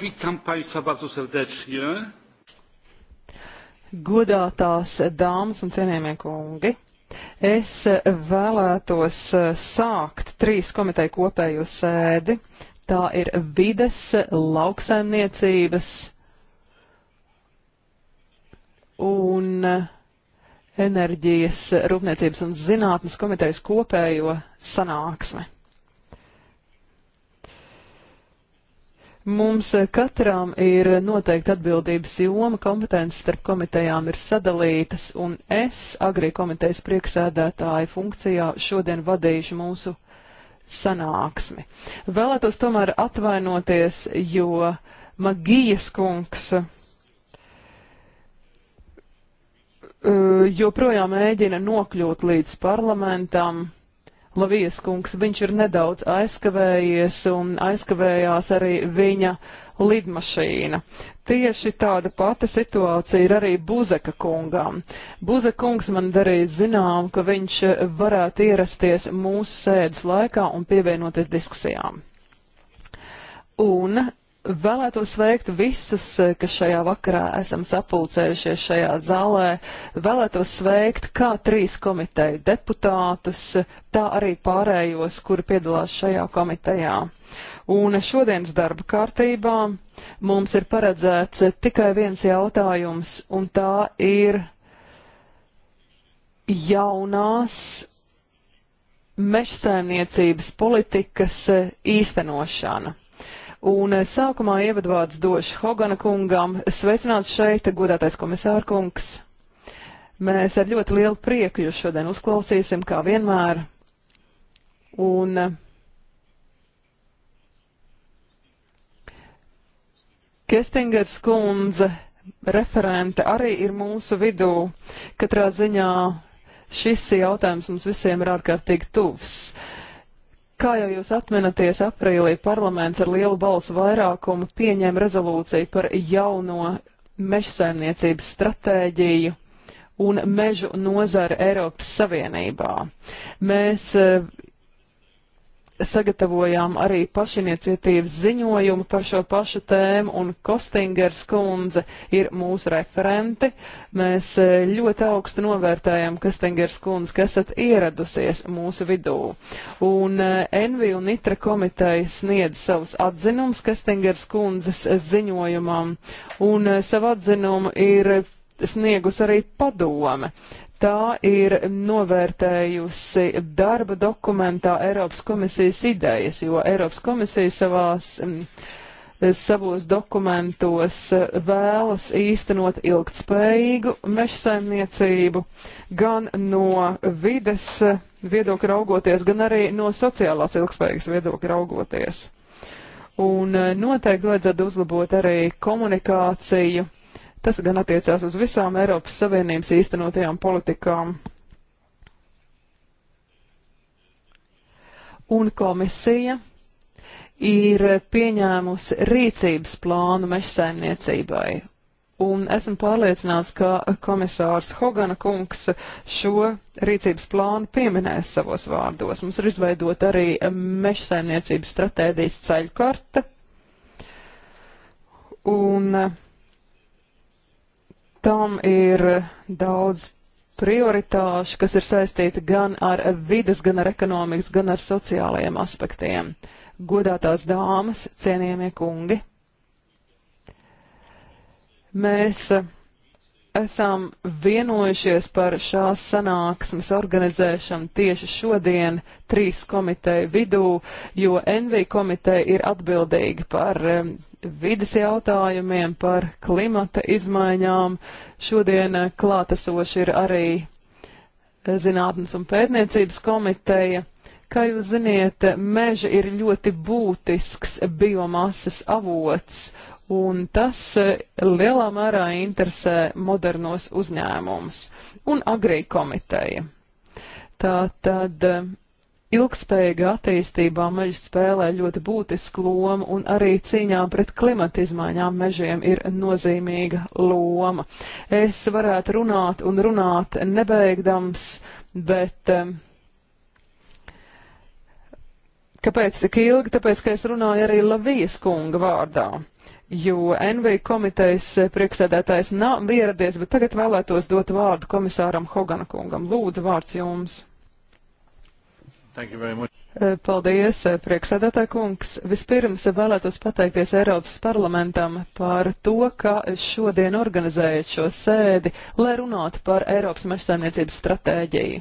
Witam Państwa bardzo serdecznie. Godātās dāmas un cienījamie kungi, es vēlētos sākt trīs komiteju kopējo sēdi. Tā ir vides, lauksaimniecības un enerģijas, rūpniecības un zinātnes komitejas kopējo sanāksme. Mums eh, katram ir noteikti atbildības joma, kompetences starp komitejām ir sadalītas, un es agrī komitejas priekšsēdētāja funkcijā šodien vadīšu mūsu sanāksmi. Vēlētos tomēr atvainoties, jo Magijas kungs eh, joprojām mēģina nokļūt līdz parlamentam Lavijas kungs, viņš ir nedaudz aizkavējies un aizkavējās arī viņa lidmašīna. Tieši tāda pati situācija ir arī Buzeka kungam. Buzeka kungs man darīja zinām, ka viņš varētu ierasties mūsu sēdes laikā un pievienoties diskusijām. Un Vēlētos sveikt visus, eh, kas šajā vakarā esam sapulcējušies šajā zālē. Vēlētos sveikt kā trīs komiteju deputātus, tā arī pārējos, kuri piedalās šajā komitejā. Un šodienas darba kārtībā mums ir paredzēts tikai viens jautājums, un tā ir jaunās mežsaimniecības politikas eh, īstenošana. Un eh, sākumā ievadvārds došu Hogana kungam. Sveicināts šeit, godātais komisārkungs. Mēs ar ļoti lielu prieku jūs šodien uzklausīsim, kā vienmēr. Un eh, Kestingers kundze, referente, arī ir mūsu vidū. Katrā ziņā šis jautājums mums visiem ir ārkārtīgi tuvs. Uh, Kā jau jūs atminaties, aprīlī parlaments ar lielu balsu vairākumu pieņēma rezolūciju par jauno meža saimniecības stratēģiju un mežu nozari Eiropas Savienībā. Mēs eh, sagatavojām arī pašiniciatīvas ziņojumu par šo pašu tēmu, un Kostingers kundze ir mūsu referenti. Mēs e, ļoti augstu novērtējam, Kostingers kundze, ka esat ieradusies mūsu vidū. Un e, Envi un Nitra komiteja sniedz savus atzinums Kostingers kundzes ziņojumam, un e, savu atzinumu ir sniegus arī padome. Tā ir novērtējusi darba dokumentā Eiropas komisijas idejas, jo Eiropas komisija savās, mm, savos dokumentos vēlas īstenot ilgtspējīgu mežsaimniecību gan no vides viedokļa raugoties, gan arī no sociālās ilgtspējīgas viedokļa raugoties. Un eh, noteikti vajadzētu uzlabot arī komunikāciju Tas gan attiecās uz visām Eiropas Savienības īstenotajām politikām. Un komisija ir pieņēmusi rīcības plānu mežsaimniecībai. Un esmu pārliecināts, ka komisārs Hogana kungs šo rīcības plānu pieminēs savos vārdos. Mums ir izveidot arī mežsaimniecības stratēģijas ceļu karta. Un uh, Tam ir daudz prioritāšu, kas ir saistīti gan ar vides, gan ar ekonomikas, gan ar sociālajiem aspektiem. Godātās dāmas, cienījamie kungi! Mēs esam vienojušies par šās sanāksmes organizēšanu tieši šodien trīs komiteju vidū, jo NV komiteja ir atbildīga par vidas jautājumiem, par klimata izmaiņām. Šodien eh, klātesoši ir arī eh, Zinātnes un pētniecības komiteja. Kā jūs ziniet, meža ir ļoti būtisks biomasas avots, un tas eh, lielā mērā interesē modernos uzņēmumus un agrī komiteja. Tā tad eh, ilgspējīga attīstībā meži spēlē ļoti būtisku lomu un arī cīņā pret klimata izmaiņām mežiem ir nozīmīga loma. Es varētu runāt un runāt nebeigdams, bet eh, Kāpēc tik ilgi? Tāpēc, ka es runāju arī Lavijas kunga vārdā jo NV komitejas eh, priekšsēdētājs nav ieradies, bet tagad vēlētos dot vārdu komisāram Hoganakungam. Lūdzu, vārds jums. Eh, paldies, eh, priekšsēdētāja kungs. Vispirms vēlētos pateikties Eiropas parlamentam par to, ka šodien organizējat šo sēdi, lai runātu par Eiropas mežsaimniecības stratēģiju.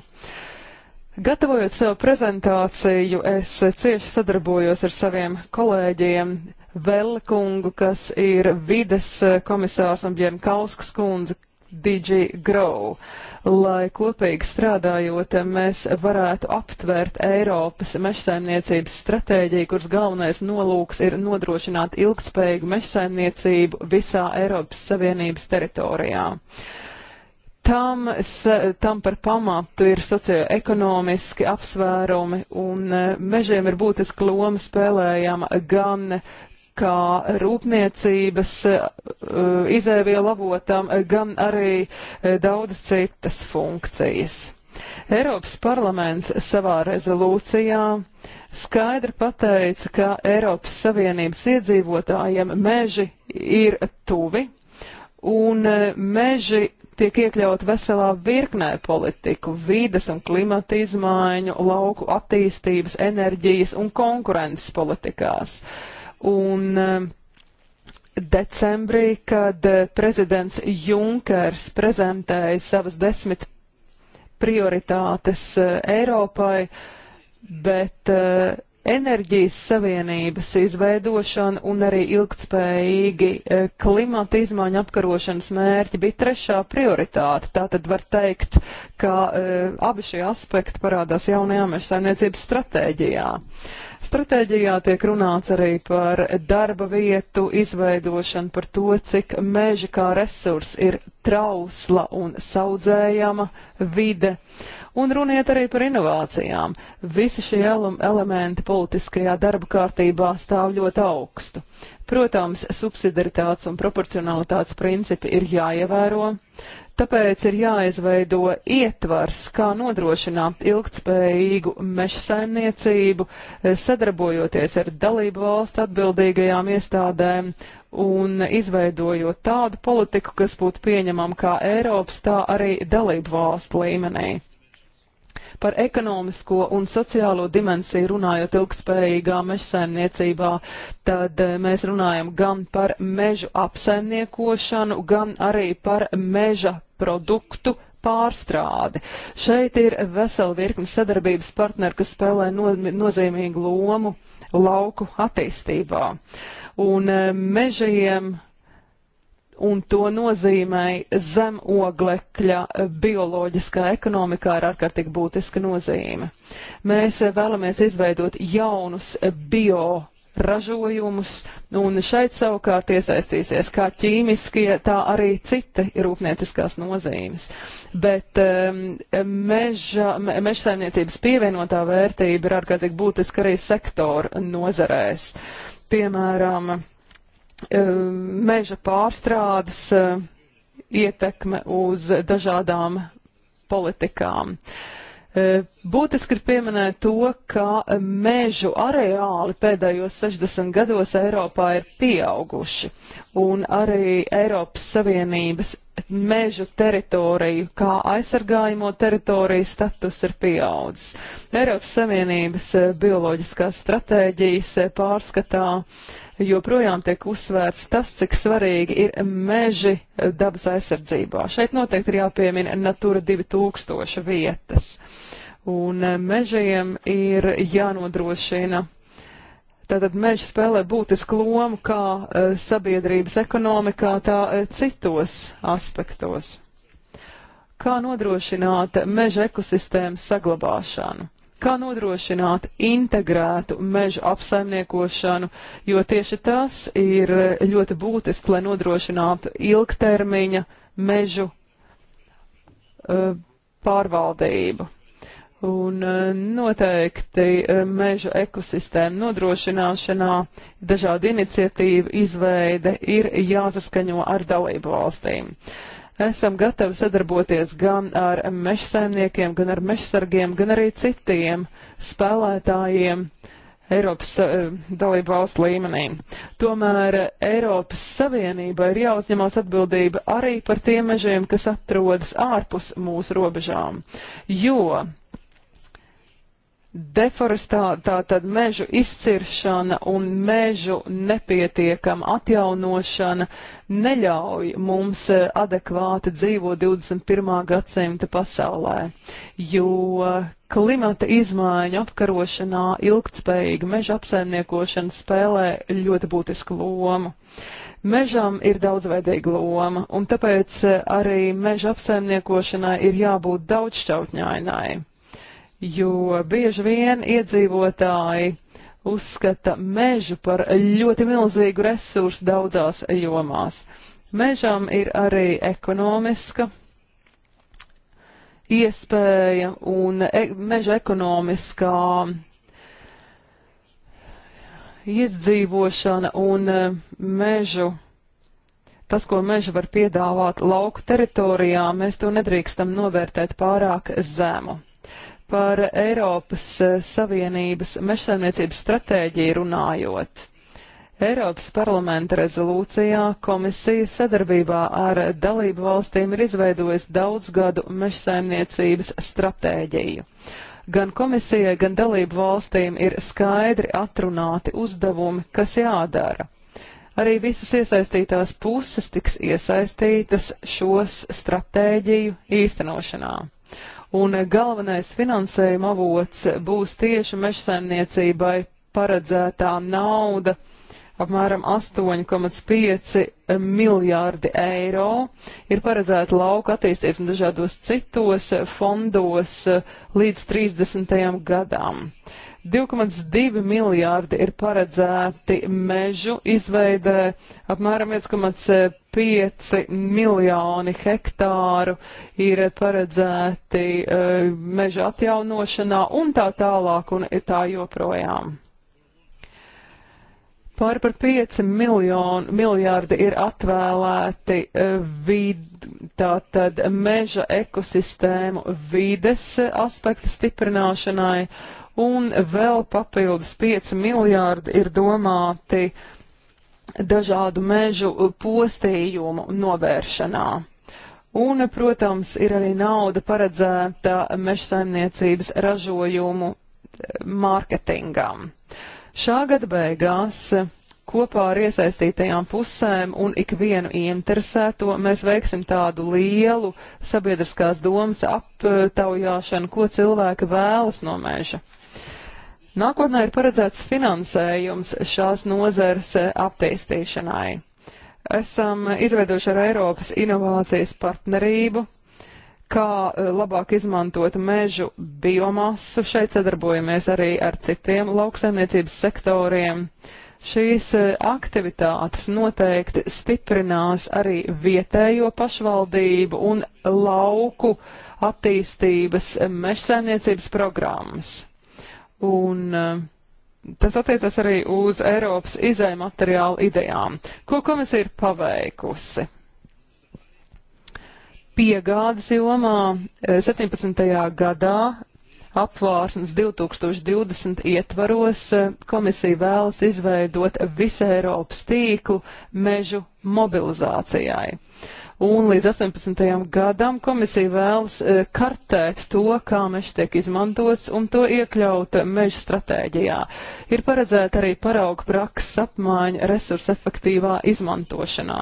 Gatavojot savu prezentāciju, es cieši sadarbojos ar saviem kolēģiem Velkungu, kas ir vides eh, komisārs un Bjernkauskas kundze, DG Grow, lai kopīgi strādājot, mēs varētu aptvērt Eiropas mežsaimniecības stratēģiju, kuras galvenais nolūks ir nodrošināt ilgspējīgu mežsaimniecību visā Eiropas Savienības teritorijā. Tam, tam par pamatu ir socioekonomiski apsvērumi, un eh, mežiem ir būtiska loma spēlējama gan kā rūpniecības e, izēvielu avotam, gan arī e, daudzas citas funkcijas. Eiropas parlaments savā rezolūcijā skaidri pateica, ka Eiropas Savienības iedzīvotājiem meži ir tuvi, un e, meži tiek iekļaut veselā virknē politiku, vīdes un klimata izmaiņu, lauku attīstības, enerģijas un konkurences politikās. Uh, Un um, decembrī, kad uh, prezidents Junkers prezentēja savas desmit prioritātes uh, Eiropai, bet uh, enerģijas savienības izveidošana un arī ilgtspējīgi e, klimata izmaiņu apkarošanas mērķi bija trešā prioritāte. Tātad var teikt, ka uh, abi šie aspekti parādās jaunajā meža saimniecības stratēģijā. Stratēģijā tiek runāts arī par darba vietu izveidošanu, par to, cik meži kā resurs ir trausla un saudzējama vide. Un runiet arī par inovācijām. Visi šie elementi politiskajā darba kārtībā stāv ļoti augstu. Protams, subsidaritātes un proporcionalitātes principi ir jāievēro, tāpēc ir jāizveido ietvars, kā nodrošināt ilgtspējīgu meža saimniecību, sadarbojoties ar dalību valstu atbildīgajām iestādēm un izveidojot tādu politiku, kas būtu pieņemama kā Eiropas, tā arī dalību valstu līmenī. Par ekonomisko un sociālo dimensiju runājot ilgspējīgā mežsaimniecībā, tad eh, mēs runājam gan par mežu apsaimniekošanu, gan arī par meža produktu pārstrādi. Šeit ir vesela virkni sadarbības partneri, kas spēlē no, nozīmīgu lomu lauku attīstībā. Un eh, mežiem un to nozīmē zemoglekļa eh, bioloģiskā ekonomikā ir ārkārtīgi būtiska nozīme. Mēs eh, vēlamies izveidot jaunus bio ražojumus, un šeit savukārt iesaistīsies kā ķīmiskie, tā arī citi rūpnieciskās nozīmes. Bet um, meža, me, meža saimniecības pievienotā vērtība ir ārkārtīgi būtiska arī sektoru nozarēs. Piemēram, um, meža pārstrādes uh, ietekme uz dažādām politikām. Uh, E, būtiski ir pieminēt to, ka mežu areāli pēdējos 60 gados Eiropā ir pieauguši, un arī Eiropas Savienības mežu teritoriju, kā aizsargājamo teritoriju status ir pieaudzis. Eiropas Savienības e, bioloģiskās stratēģijas e, pārskatā joprojām tiek uzsvērts tas, cik svarīgi ir meži dabas aizsardzībā. Šeit noteikti ir jāpiemina Natura 2000 vietas un eh, mežiem ir jānodrošina. Tātad meža spēlē būtisku lomu kā eh, sabiedrības ekonomikā, tā eh, citos aspektos. Kā nodrošināt meža ekosistēmas saglabāšanu? Kā nodrošināt integrētu meža apsaimniekošanu, jo tieši tas ir ļoti būtiski, lai nodrošinātu ilgtermiņa mežu uh, pārvaldību. Un eh, noteikti eh, meža ekosistēma nodrošināšanā dažādi iniciatīva izveide ir jāsaskaņo ar dalību valstīm. Esam gatavi sadarboties gan ar mežsaimniekiem, gan ar mežsargiem, gan arī citiem spēlētājiem Eiropas eh, dalību valstu līmenī. Tomēr Eiropas Savienība ir jāuzņemās atbildība arī par tiem mežiem, kas atrodas ārpus mūsu robežām, jo deforestācija, tātad mežu izciršana un mežu nepietiekama atjaunošana neļauj mums e, adekvāti dzīvot 21. gadsimta pasaulē, jo klimata izmaiņu apkarošanā ilgtspējīga meža apsaimniekošana spēlē ļoti būtisku lomu. Mežam ir daudzveidīga loma, un tāpēc e, arī meža apsaimniekošanai ir jābūt daudzšķautņainai jo bieži vien iedzīvotāji uzskata mežu par ļoti milzīgu resursu daudzās jomās. Mežam ir arī ekonomiska iespēja un e meža ekonomiskā izdzīvošana un e, mežu, tas, ko meža var piedāvāt lauku teritorijā, mēs to nedrīkstam novērtēt pārāk zemu par Eiropas eh, Savienības mežsaimniecības stratēģiju runājot. Eiropas parlamenta rezolūcijā komisija sadarbībā ar dalību valstīm ir izveidojusi daudzgadu mežsaimniecības stratēģiju. Gan komisijai, gan dalību valstīm ir skaidri atrunāti uzdevumi, kas jādara. Arī visas iesaistītās puses tiks iesaistītas šos stratēģiju īstenošanā un galvenais finansējuma avots būs tieši mežsaimniecībai paredzētā nauda apmēram 8,5 miljārdi eiro ir paredzēti lauka attīstības un dažādos citos fondos līdz 30. gadam. 2,2 miljārdi ir paredzēti mežu izveidē, apmēram 1,5 miljoni hektāru ir paredzēti uh, meža atjaunošanā un tā tālāk un tā joprojām. Pār par 5 miljonu, miljārdi ir atvēlēti e, vid, tātad meža ekosistēmu vides aspekta stiprināšanai, un vēl papildus 5 miljārdi ir domāti dažādu mežu postījumu novēršanā. Un, protams, ir arī nauda paredzēta mežsaimniecības ražojumu e, mārketingam. Uh, Šā gada beigās kopā ar iesaistītajām pusēm un ikvienu interesēto mēs veiksim tādu lielu sabiedriskās domas aptaujāšanu, ko cilvēki vēlas no meža. Nākotnē ir paredzēts finansējums šās nozares attīstīšanai. Esam izveidojuši ar Eiropas inovācijas partnerību, kā eh, labāk izmantot mežu biomasu. Šeit sadarbojamies arī ar citiem lauksaimniecības sektoriem. Šīs eh, aktivitātes noteikti stiprinās arī vietējo pašvaldību un lauku attīstības eh, mežsaimniecības programmas. Un tas attiecas arī uz Eiropas izējumateriālu idejām. Ko komisija ir paveikusi? piegādes jomā 17. Eh, gadā apvāršanas 2020 ietvaros eh, komisija vēlas izveidot visu Eiropas tīklu mežu mobilizācijai. Uh, un līdz 18. gadam komisija vēlas eh, kartēt to, kā mežs tiek izmantots un to iekļaut meža stratēģijā. Ir paredzēta arī parauga prakses apmaiņa resursu efektīvā izmantošanā.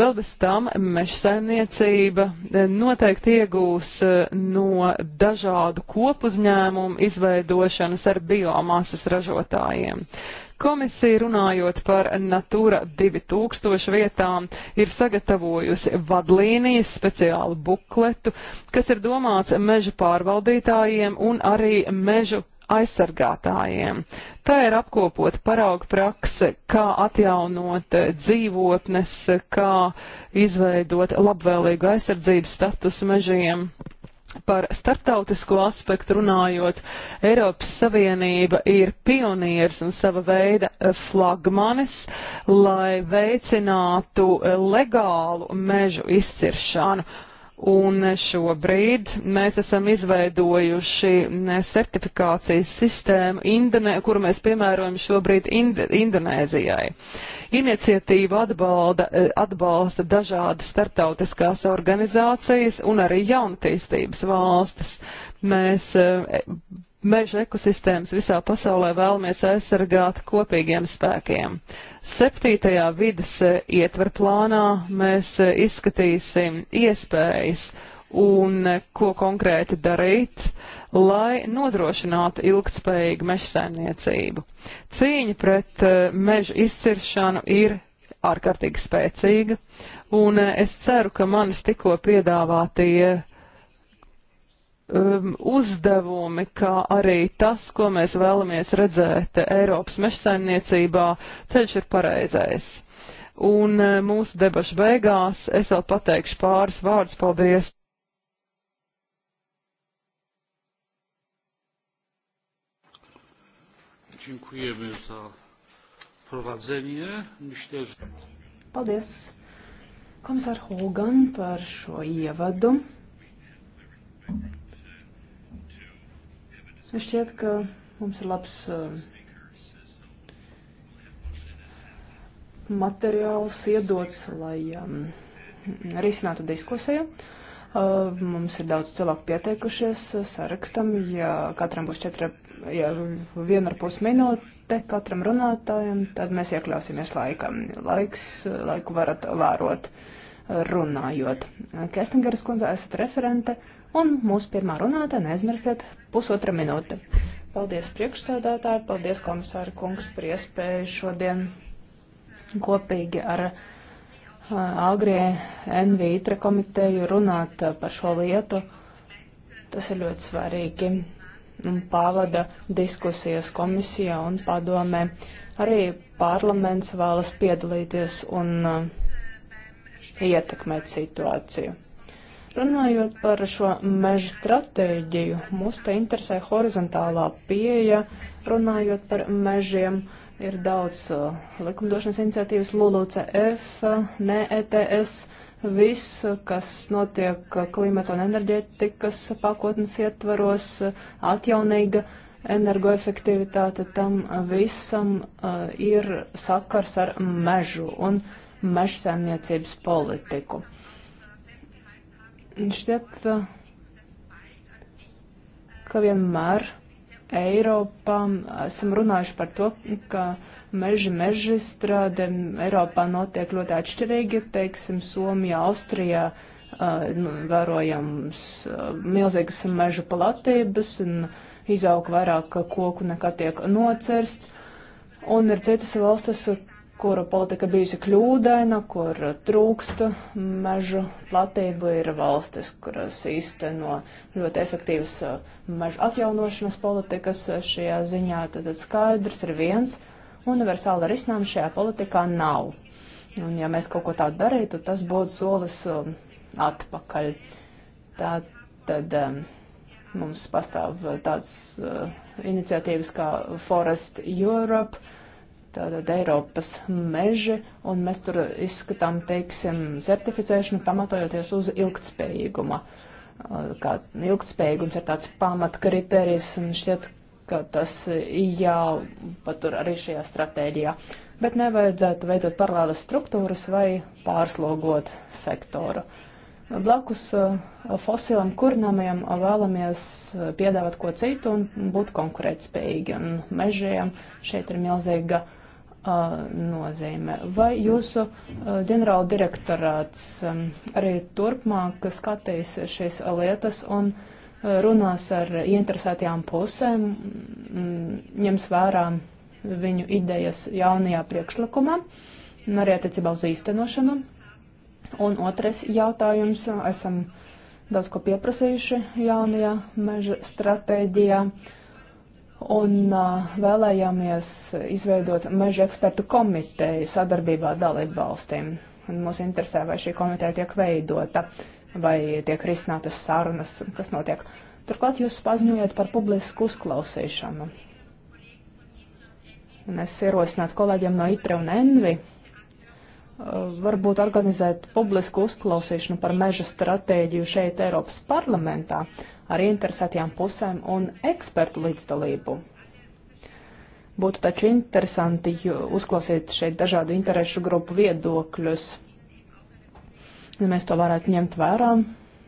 Vēl bez tam meža saimniecība eh, noteikti iegūs eh, no dažādu kopuzņēmumu izveidošanas ar biomasas ražotājiem. Komisija runājot par Natura 2000 vietām ir sagatavojusi vadlīnijas speciālu bukletu, kas ir domāts meža pārvaldītājiem un arī mežu aizsargātājiem. Tā ir apkopot parauga prakse, kā atjaunot dzīvotnes, kā izveidot labvēlīgu aizsardzības statusu mežiem. Par starptautisko aspektu runājot, Eiropas Savienība ir pionieris un sava veida flagmanis, lai veicinātu legālu mežu izciršanu. Un šobrīd mēs esam izveidojuši certifikācijas sistēmu, Indone, kuru mēs piemērojam šobrīd Ind Indonēzijai. Iniciatīva atbalda, e, atbalsta dažādas starptautiskās organizācijas un arī jaunatīstības valstis. Mēs e, meža ekosistēmas visā pasaulē vēlamies aizsargāt kopīgiem spēkiem. Septītajā vidas eh, ietverplānā mēs eh, izskatīsim iespējas un eh, ko konkrēti darīt, lai nodrošinātu ilgtspējīgu meža saimniecību. Cīņa pret meža izciršanu ir ārkārtīgi spēcīga, un es ceru, ka manis tikko piedāvātie um, uzdevumi, kā arī tas, ko mēs vēlamies redzēt Eiropas mežsaimniecībā, ceļš ir pareizais. Un uh, mūsu debašu beigās es vēl pateikšu pāris vārdus. Paldies! Dziękujemy za prowadzenie. Myślę, że... Paldies, komisār Hogan, par šo ievadu. Es nu, šķiet, ka mums ir labs um, materiāls iedots, lai um, risinātu diskusiju. Uh, mums ir daudz cilvēku pieteikušies uh, sarakstam, ja katram būs četri, ja viena ar pus minūte katram runātājam, tad mēs iekļausimies laikam. Laiks, uh, laiku varat vērot. Uh, runājot. Kestingeras kundze, esat referente un mūsu pirmā runātāja, neaizmirstiet, pusotra minūte. Paldies priekšsēdētāji, paldies komisāri kungs par iespēju šodien kopīgi ar uh, Agrie NV ITRA komiteju runāt uh, par šo lietu. Tas ir ļoti svarīgi un pavada diskusijas komisijā un padomē. Arī parlaments vēlas piedalīties un uh, ietekmēt situāciju. Runājot par šo meža stratēģiju, mūs te interesē horizontālā pieeja, runājot par mežiem, ir daudz uh, likumdošanas iniciatīvas, LULUCF, ne ETS, viss, kas notiek uh, klimata un enerģētikas pakotnes ietvaros, uh, atjaunīga energoefektivitāte, tam visam uh, ir sakars ar mežu. Un, uh, mežsaimniecības politiku. Šķiet, eh, ka vienmēr Eiropā esam runājuši par to, ka meži meži strāde Eiropā notiek ļoti atšķirīgi, teiksim, Somijā, Austrijā. Uh, nu, vērojams uh, milzīgas meža platības un izaug vairāk koku nekā tiek nocersts. Un ir citas valstis, kura politika bijusi kļūdaina, kur trūksta mežu platību, ir valstis, kuras īsteno ļoti efektīvas uh, mežu atjaunošanas politikas uh, šajā ziņā, tad skaidrs ir viens, universāla risinājuma šajā politikā nav. Un ja mēs kaut ko tādu darītu, tas būtu solis um, atpakaļ. Tā tad um, mums pastāv uh, tāds iniciatīvas kā Forest Europe, tātad Eiropas meži, un mēs tur izskatām, teiksim, certificēšanu pamatojoties uz ilgtspējīguma. Kā ilgtspējīgums ir tāds pamatkritērijs, un šķiet, ka tas jāpatur arī šajā stratēģijā. Bet nevajadzētu veidot paralēlas struktūras vai pārslogot sektoru. Blakus fosilam kurnamajam vēlamies piedāvāt ko citu un būt konkurētspējīgi. Un mežiem šeit ir milzīga nozīme. Vai jūsu ģenerāla direktorāts arī turpmāk skatīs šīs lietas un runās ar interesētajām pusēm, ņems vērā viņu idejas jaunajā priekšlikumā un arī attiecībā uz īstenošanu? Un otrais jautājums. Esam daudz ko pieprasījuši jaunajā meža stratēģijā. Uh, un uh, vēlējāmies izveidot meža ekspertu komiteju sadarbībā dalību valstīm. Un mūs interesē, vai šī komiteja tiek veidota, vai tiek risinātas sarunas, kas notiek. Turklāt jūs paziņojat par publisku uzklausīšanu. Un es ierosinātu kolēģiem no ITRE un ENVI uh, varbūt organizēt publisku uzklausīšanu par meža stratēģiju šeit Eiropas parlamentā, ar interesētajām pusēm un ekspertu līdzdalību. Būtu taču interesanti uzklausīt šeit dažādu interesu grupu viedokļus. Ja mēs to varētu ņemt vērā,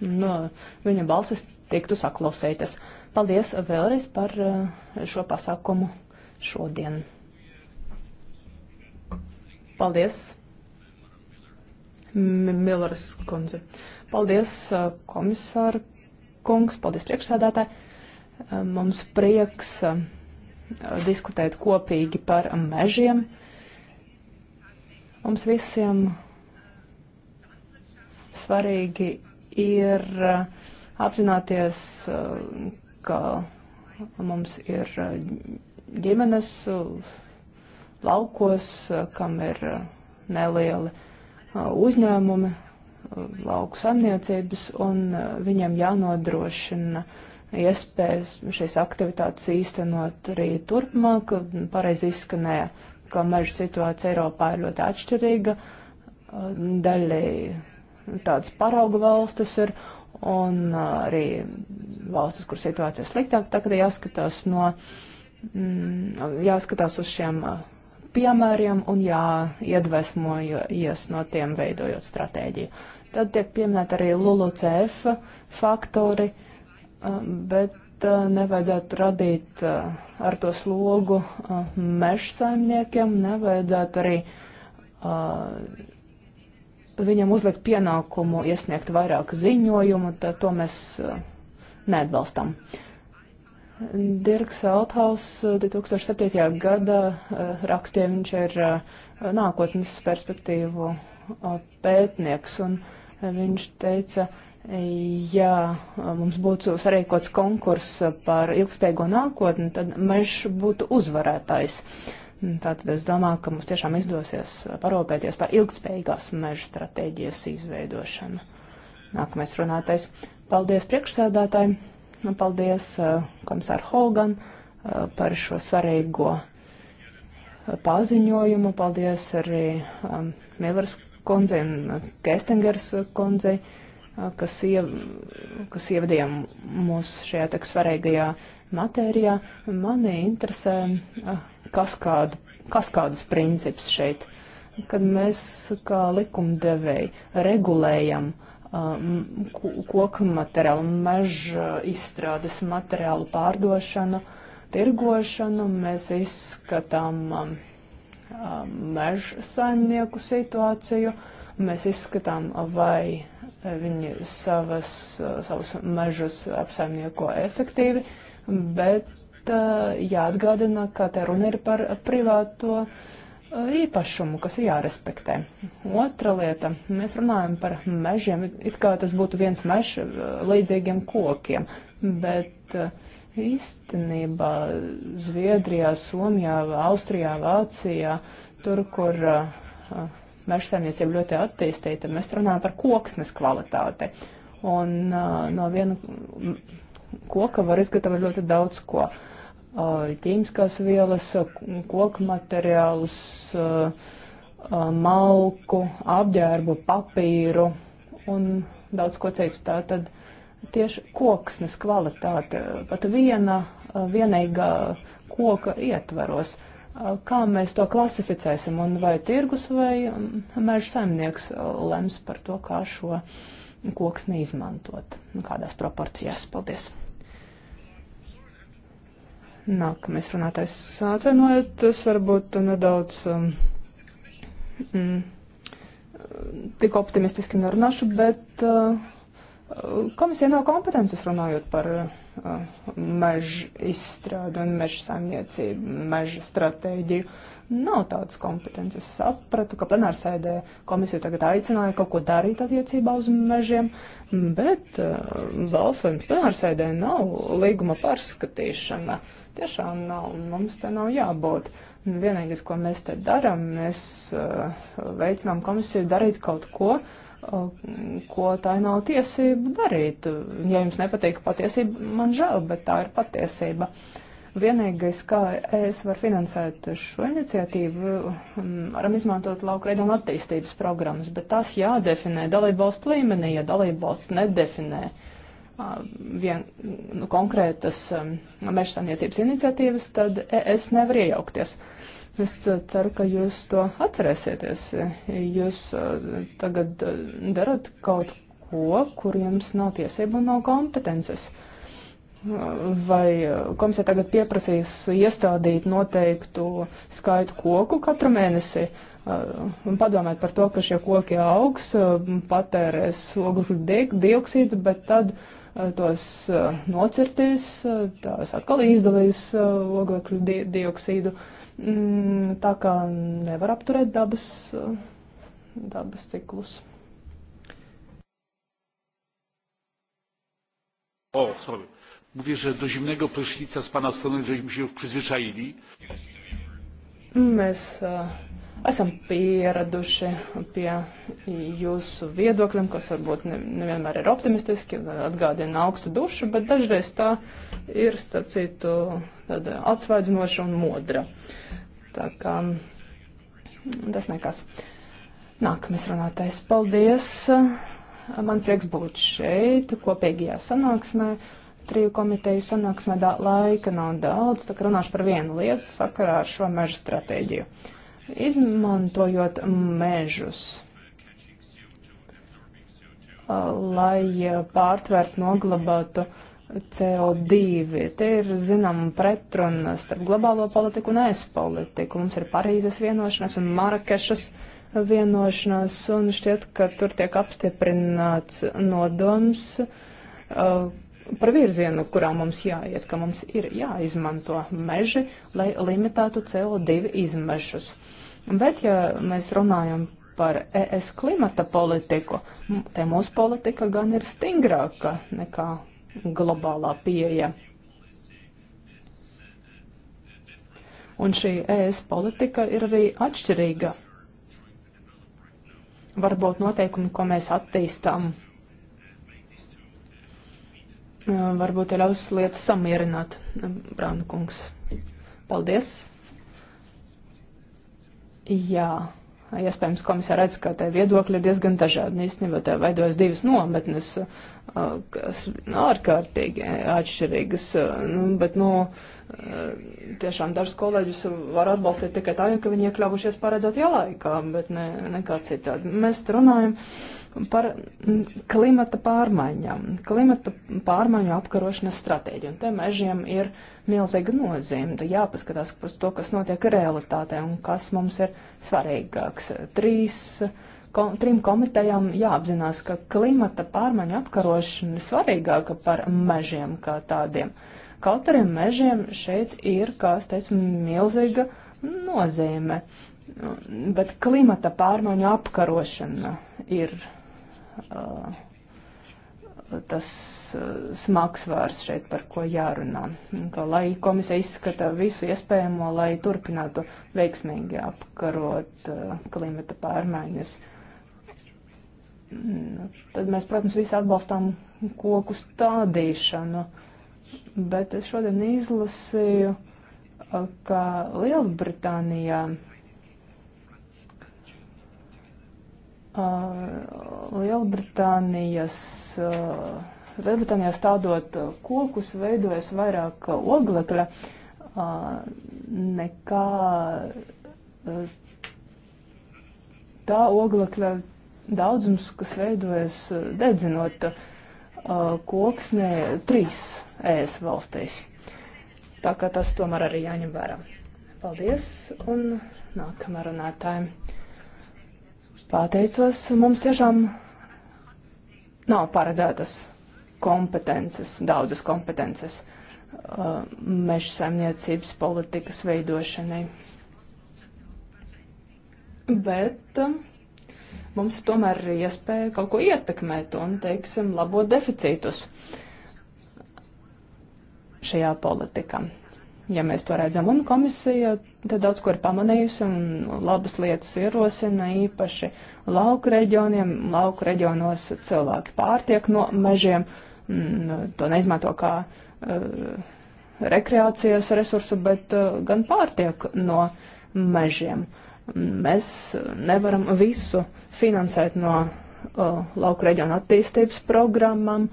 no nu, viņa balsis tiktu saklausītas. Paldies vēlreiz par eh, šo pasākumu šodien. Paldies, Milleras kundze. Paldies, eh, komisāra kungs, paldies priekšsādātāji. Mums prieks diskutēt kopīgi par mežiem. Mums visiem svarīgi ir apzināties, ka mums ir ģimenes laukos, kam ir nelieli uzņēmumi, lauku saimniecības, un eh, viņiem jānodrošina iespējas šīs aktivitātes īstenot arī turpmāk. Pareizi izskanēja, ka meža situācija Eiropā ir ļoti atšķirīga. Eh, daļai tādas parauga valstis ir, un eh, arī valstis, kur situācija sliktāk, tagad jāskatās no, mm, jāskatās uz šiem piemēriem un jāiedvesmojas no tiem, veidojot stratēģiju. Tad tiek pieminēta arī LULUCF faktori, um, bet uh, nevajadzētu radīt uh, ar to slogu uh, meža saimniekiem, nevajadzētu arī viņam uzlikt pienākumu iesniegt vairāk ziņojumu, tad to mēs neatbalstam. Dirks Althaus 2007. gada rakstīja, viņš ir nākotnes perspektīvu pētnieks, un Viņš teica, ja mums būtu sarīkots konkurss par ilgspējīgo nākotni, tad mežs būtu uzvarētājs. Tātad es domāju, ka mums tiešām izdosies parūpēties par ilgspējīgās meža stratēģijas izveidošanu. Nākamais runātais. Paldies priekšsēdātājiem, paldies uh, komisāru Hogan uh, par šo svarīgo uh, paziņojumu. Paldies arī um, Milers kundzi un Kestingers kundzi, kas, iev, kas ievadīja mūs šajā tik svarīgajā matērijā. Mani interesē, kas, kāda, kas kādas princips šeit, kad mēs kā likumdevēji regulējam uh, um, koku materiālu, meža izstrādes materiālu pārdošanu, tirgošanu. Mēs izskatām um, meža saimnieku situāciju. Mēs izskatām, vai viņi savas, savus mežus apsaimnieko efektīvi, bet jāatgādina, ka te runa ir par privāto īpašumu, kas ir jārespektē. Otra lieta - mēs runājam par mežiem, it kā tas būtu viens mežs līdzīgiem kokiem, bet uh, Īstenībā Zviedrijā, Somijā, Austrijā, Vācijā, tur, kur uh, uh, mežsaimniecība ļoti attīstīta, mēs runājam par koksnes kvalitāti. Un uh, no viena koka var izgatavot ļoti daudz ko. Uh, ķīmiskās vielas, koka materiālus, uh, uh, malku, apģērbu, papīru un daudz ko citu. Tātad tieši koksnes kvalitāte, pat viena, vienīgā koka ietvaros. Kā mēs to klasificēsim un vai tirgus vai meža saimnieks lems par to, kā šo koksni izmantot, kādās proporcijās. Paldies! Nākamais runātais atvainojiet, tas varbūt nedaudz um, mm, tik optimistiski nerunāšu, bet uh, Komisija nav kompetences runājot par uh, meža izstrādi un meža saimniecību, meža stratēģiju. Nav tādas kompetences. Es sapratu, ka plenārsēdē komisija tagad aicināja kaut ko darīt attiecībā uz mežiem, bet uh, balsojums plenārsēdē nav līguma pārskatīšana. Tiešām nav, mums te nav jābūt. Vienīgais, ko mēs te darām, mēs uh, veicinām komisiju darīt kaut ko, uh, ko tā nav tiesība darīt. Ja jums nepatīk patiesība, man žēl, bet tā ir patiesība. Vienīgais, kā es varu finansēt šo iniciatīvu, um, varam izmantot lauka reģionu attīstības programmas, bet tās jādefinē dalību valstu līmenī, ja dalību valsts nedefinē uh, vien, nu, konkrētas um, mežsaniecības iniciatīvas, tad e es nevaru iejaukties. Uh, Es eh, ceru, ka jūs to atcerēsieties. Jūs eh, tagad eh, darat kaut ko, kur jums nav tiesību un nav kompetences. Vai komisija tagad pieprasīs iestādīt noteiktu skaitu koku katru mēnesi un padomāt par to, ka šie koki augs, patērēs oglekļu dioksīdu, bet tad uh, Eh, tos eh, nocirtīs, eh, tās atkal izdalīs oglekļu di dioksīdu. Mm, tā kā nevar apturēt dabas, dabas ciklus. O, sorry. Mówię, że do zimnego prysznica z Pana strony żeśmy się już przyzwyczaili. Mēs uh, esam pieraduši pie jūsu viedokļiem, kas varbūt nevienmēr ir optimistiski, atgādina augstu dušu, bet dažreiz tā ir, starp citu, tāda atsvaidzinoša un modra. Tā kā tas nekas. Nākamais runātais, paldies. Man prieks būt šeit, kopīgajā sanāksmē, triju komiteju sanāksmē, laika nav daudz, tā kā runāšu par vienu lietu sakarā ar šo meža stratēģiju. Uh, izmantojot mežus, lai pārtvērt noglabātu CO2. Te ir zinām pretruna starp globālo politiku un es politiku. Mums ir Parīzes vienošanās un Marakešas vienošanās, un šķiet, ka tur tiek apstiprināts nodoms uh, par virzienu, kurā mums jāiet, ka mums ir jāizmanto meži, lai limitētu CO2 izmešus. Uh, Bet, ja mēs runājam par ES klimata politiku, te mūsu politika gan ir stingrāka nekā globālā pieeja. Un šī ES politika ir arī atšķirīga. Varbūt noteikumi, ko mēs attīstām, varbūt ir ļaus lietas samierināt, Brāna kungs. Paldies! Jā, iespējams, komisāra redz, ka te viedokļi ir diezgan dažādi. Nu, īstenībā te veidojas divas nometnes kas ārkārtīgi atšķirīgas, nu, bet, nu, tiešām dažs kolēģis var atbalstīt tikai tā, ka viņi iekļāvušies paredzētajā laikā, bet ne, nekā citādi. Mēs runājam par klimata pārmaiņām, klimata pārmaiņu apkarošanas stratēģiju, un te mežiem ir milzīga nozīme, tad jāpaskatās par to, kas notiek realitātē un kas mums ir svarīgāks. Trīs, uh, kom, trim komitejām jāapzinās, ka klimata pārmaiņu apkarošana ir svarīgāka par mežiem kā tādiem. Kaut arī mežiem šeit ir, kā es teicu, milzīga nozīme. Bet klimata pārmaiņu apkarošana ir uh, tas uh, smags vārds šeit, par ko jārunā. Ka, lai komisija izskata visu iespējamo, lai turpinātu veiksmīgi apkarot uh, klimata pārmaiņas. Uh, tad mēs, protams, visi atbalstām koku stādīšanu. Bet es šodien izlasīju, ka Lielbritānijā Lielbritānijas, Lielbritānijā stādot kokus veidojas vairāk oglekļa nekā tā oglekļa daudzums, kas veidojas dedzinot uh, koksnē trīs ES valstīs. Tā kā tas tomēr arī jāņem vērā. Paldies un nākamā runātāja. Pateicos, mums tiešām nav paredzētas kompetences, daudzas kompetences uh, meža saimniecības politikas veidošanai. Bet uh, mums ir tomēr iespēja kaut ko ietekmēt un, teiksim, labot deficītus šajā politikā. Ja mēs to redzam, un komisija te daudz ko ir pamanījusi un labas lietas ierosina īpaši lauku reģioniem. Lauku reģionos cilvēki pārtiek no mežiem, mm, to neizmanto kā uh, rekreācijas resursu, bet uh, gan pārtiek no mežiem. Mēs nevaram visu uh, finansēt no uh, lauku reģionu attīstības programmam.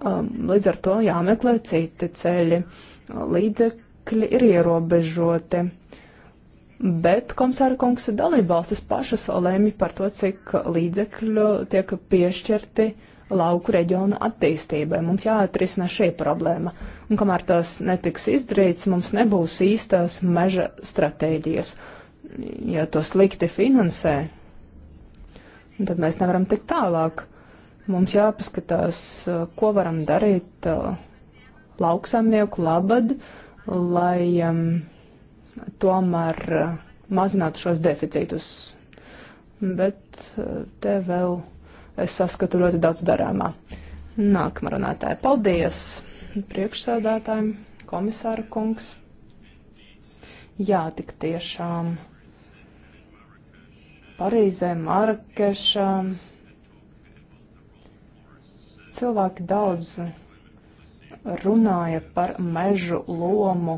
Um, līdz ar to jāmeklē citi ceļi. Uh, līdzekļi ir ierobežoti. Bet komisāra kungs dalībvalstis pašas lēmj par to, cik līdzekļu tiek piešķirti lauku reģionu attīstībai. Mums jāatrisina šī problēma. Un kamēr tas netiks izdarīts, mums nebūs īstās meža stratēģijas. Ja to slikti finansē, tad mēs nevaram tikt tālāk. Mums jāpaskatās, uh, ko varam darīt uh, lauksaimnieku labad, lai um, tomēr uh, mazinātu šos deficītus. Bet te vēl es saskatu ļoti daudz darāmā. Nākamā runātāja. Paldies priekšsēdētājiem, komisāra kungs. Jā, tik tiešām. Um, Parīzē, Marakešā. Cilvēki daudz runāja par mežu lomu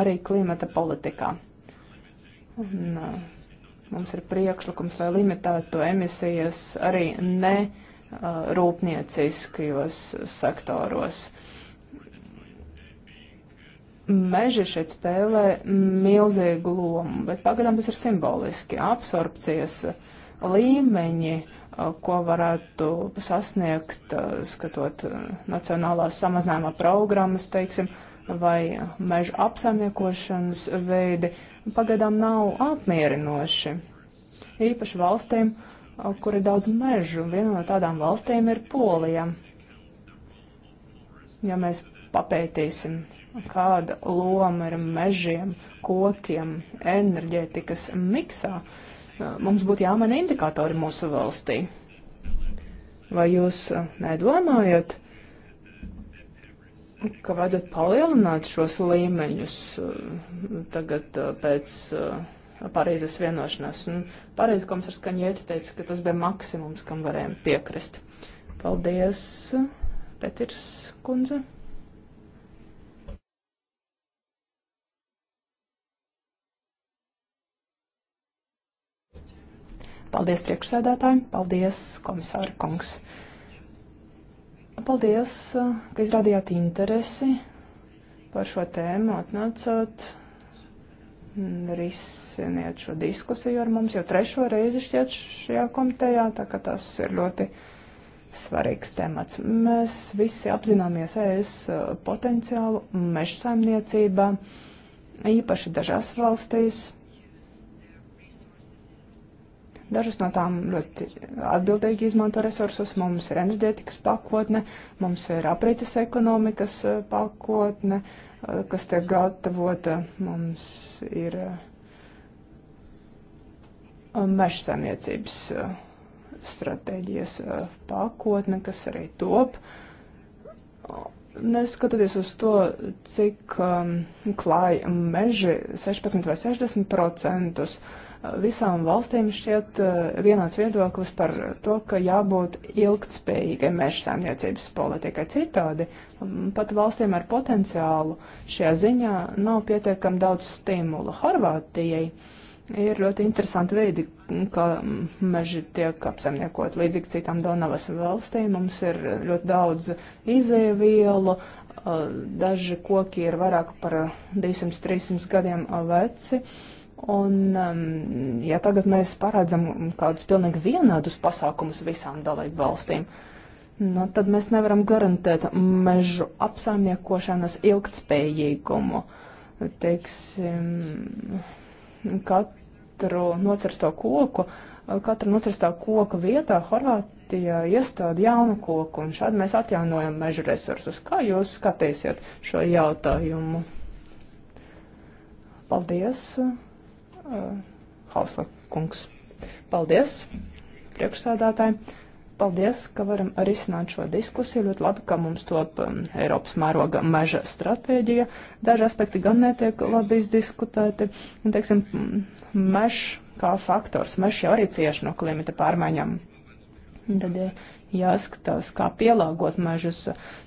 arī klimata politikā. Un, uh, mums ir priekšlikums, lai limitētu emisijas arī ne uh, rūpnieciskajos sektoros meži šeit spēlē milzīgu lomu, bet pagaidām tas ir simboliski. Absorpcijas līmeņi, uh, ko varētu sasniegt, uh, skatot uh, nacionālās samazinājuma programmas, teiksim, vai meža apsaimniekošanas veidi, pagaidām nav apmierinoši. Īpaši valstīm, kur ir daudz mežu, viena no tādām valstīm ir Polija. Ja mēs papētīsim kāda loma ir mežiem, kokiem, enerģētikas miksā, mums būtu jāmana indikātori mūsu valstī. Vai jūs nedomājat, ka vajadzētu palielināt šos līmeņus tagad pēc Parīzes vienošanās? Un Parīzes komisars Kaņieti teica, ka tas bija maksimums, kam varējām piekrist. Paldies, Petirs kundze. Paldies priekšsēdētājiem, paldies komisāra kungs. Paldies, uh, ka izrādījāt interesi par šo tēmu, atnācāt, risiniet šo diskusiju ar mums, jau trešo reizi šķiet šajā komitejā, tā ka tas ir ļoti svarīgs temats. Mēs visi apzināmies ES uh, potenciālu mežsaimniecībā, īpaši dažās valstīs Dažas no tām ļoti atbildīgi izmanto resursus. Mums ir enerģētikas pakotne, mums ir aprites ekonomikas eh, pakotne, eh, kas tiek gatavota. Mums ir eh, meža samiecības stratēģijas pakotne, kas arī top. Neskatoties uz to, cik um, klāja meži 16 vai 60 procentus, uh, visām valstīm šķiet eh, vienāds viedoklis par to, ka jābūt ilgtspējīgai meža saimniecības politikai. Citādi mm, pat valstīm ar potenciālu šajā ziņā nav pietiekam daudz stimulu. Horvātijai ir ļoti interesanti veidi, kā meži tiek apsaimniekot. Līdzīgi citām Donavas valstīm mums ir ļoti daudz izēvielu, eh, daži koki ir vairāk par 200-300 gadiem veci Un, um, ja tagad mēs paredzam kādus pilnīgi vienādus pasākumus visām dalību valstīm, nu, tad mēs nevaram garantēt mežu apsaimniekošanas ilgtspējīgumu. Teiksim, katru nocirsto koku, katru nocirstā koka vietā Horvātija iestāda jaunu koku, un šādi mēs atjaunojam mežu resursus. Kā jūs skatīsiet šo jautājumu? Paldies! Eh, Hausla kungs. Paldies, priekšsēdātāji. Paldies, ka varam arī izsnāt šo diskusiju. Ļoti labi, ka mums top um, Eiropas mēroga meža stratēģija. Daži aspekti gan netiek labi izdiskutēti. Un, teiksim, mežs kā faktors. Mežs jau arī cieši no klimata pārmaiņām. Tad jāskatās, kā pielāgot mežus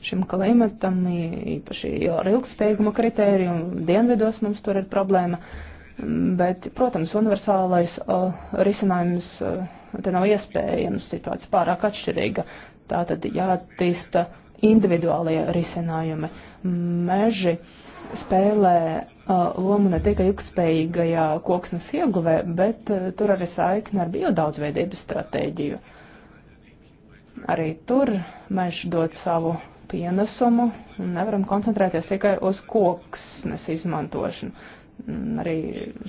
šim klimatam, īpaši ar ilgspējīguma kritēriju. Dienvidos mums tur ir problēma. Uh, Bet, protams, universālais uh, risinājums uh, te nav iespējams, situācija pārāk atšķirīga. Tā tad jāattīsta individuālie risinājumi. Meži spēlē uh, lomu ne tikai ilgspējīgajā koksnes ieguvē, bet uh, tur arī saikne ar biodaudzveidības stratēģiju. Arī tur meži dod savu pienesumu un nevaram koncentrēties tikai uz koksnes izmantošanu. Mm, arī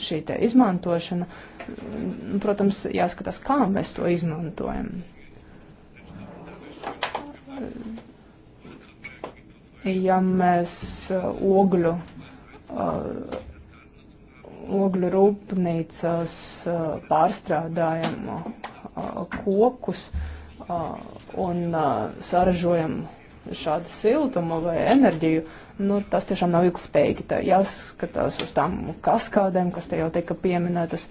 šī te izmantošana, mm, protams, jāskatās, kā mēs to izmantojam. Ja mēs uh, ogļu, uh, ogļu rūpnīcās uh, pārstrādājam kokus un saražojam šādu siltumu vai enerģiju, nu, tas tiešām nav ilgspējīgi. Tā jāskatās uz tām kaskādēm, kas te jau tika pieminētas,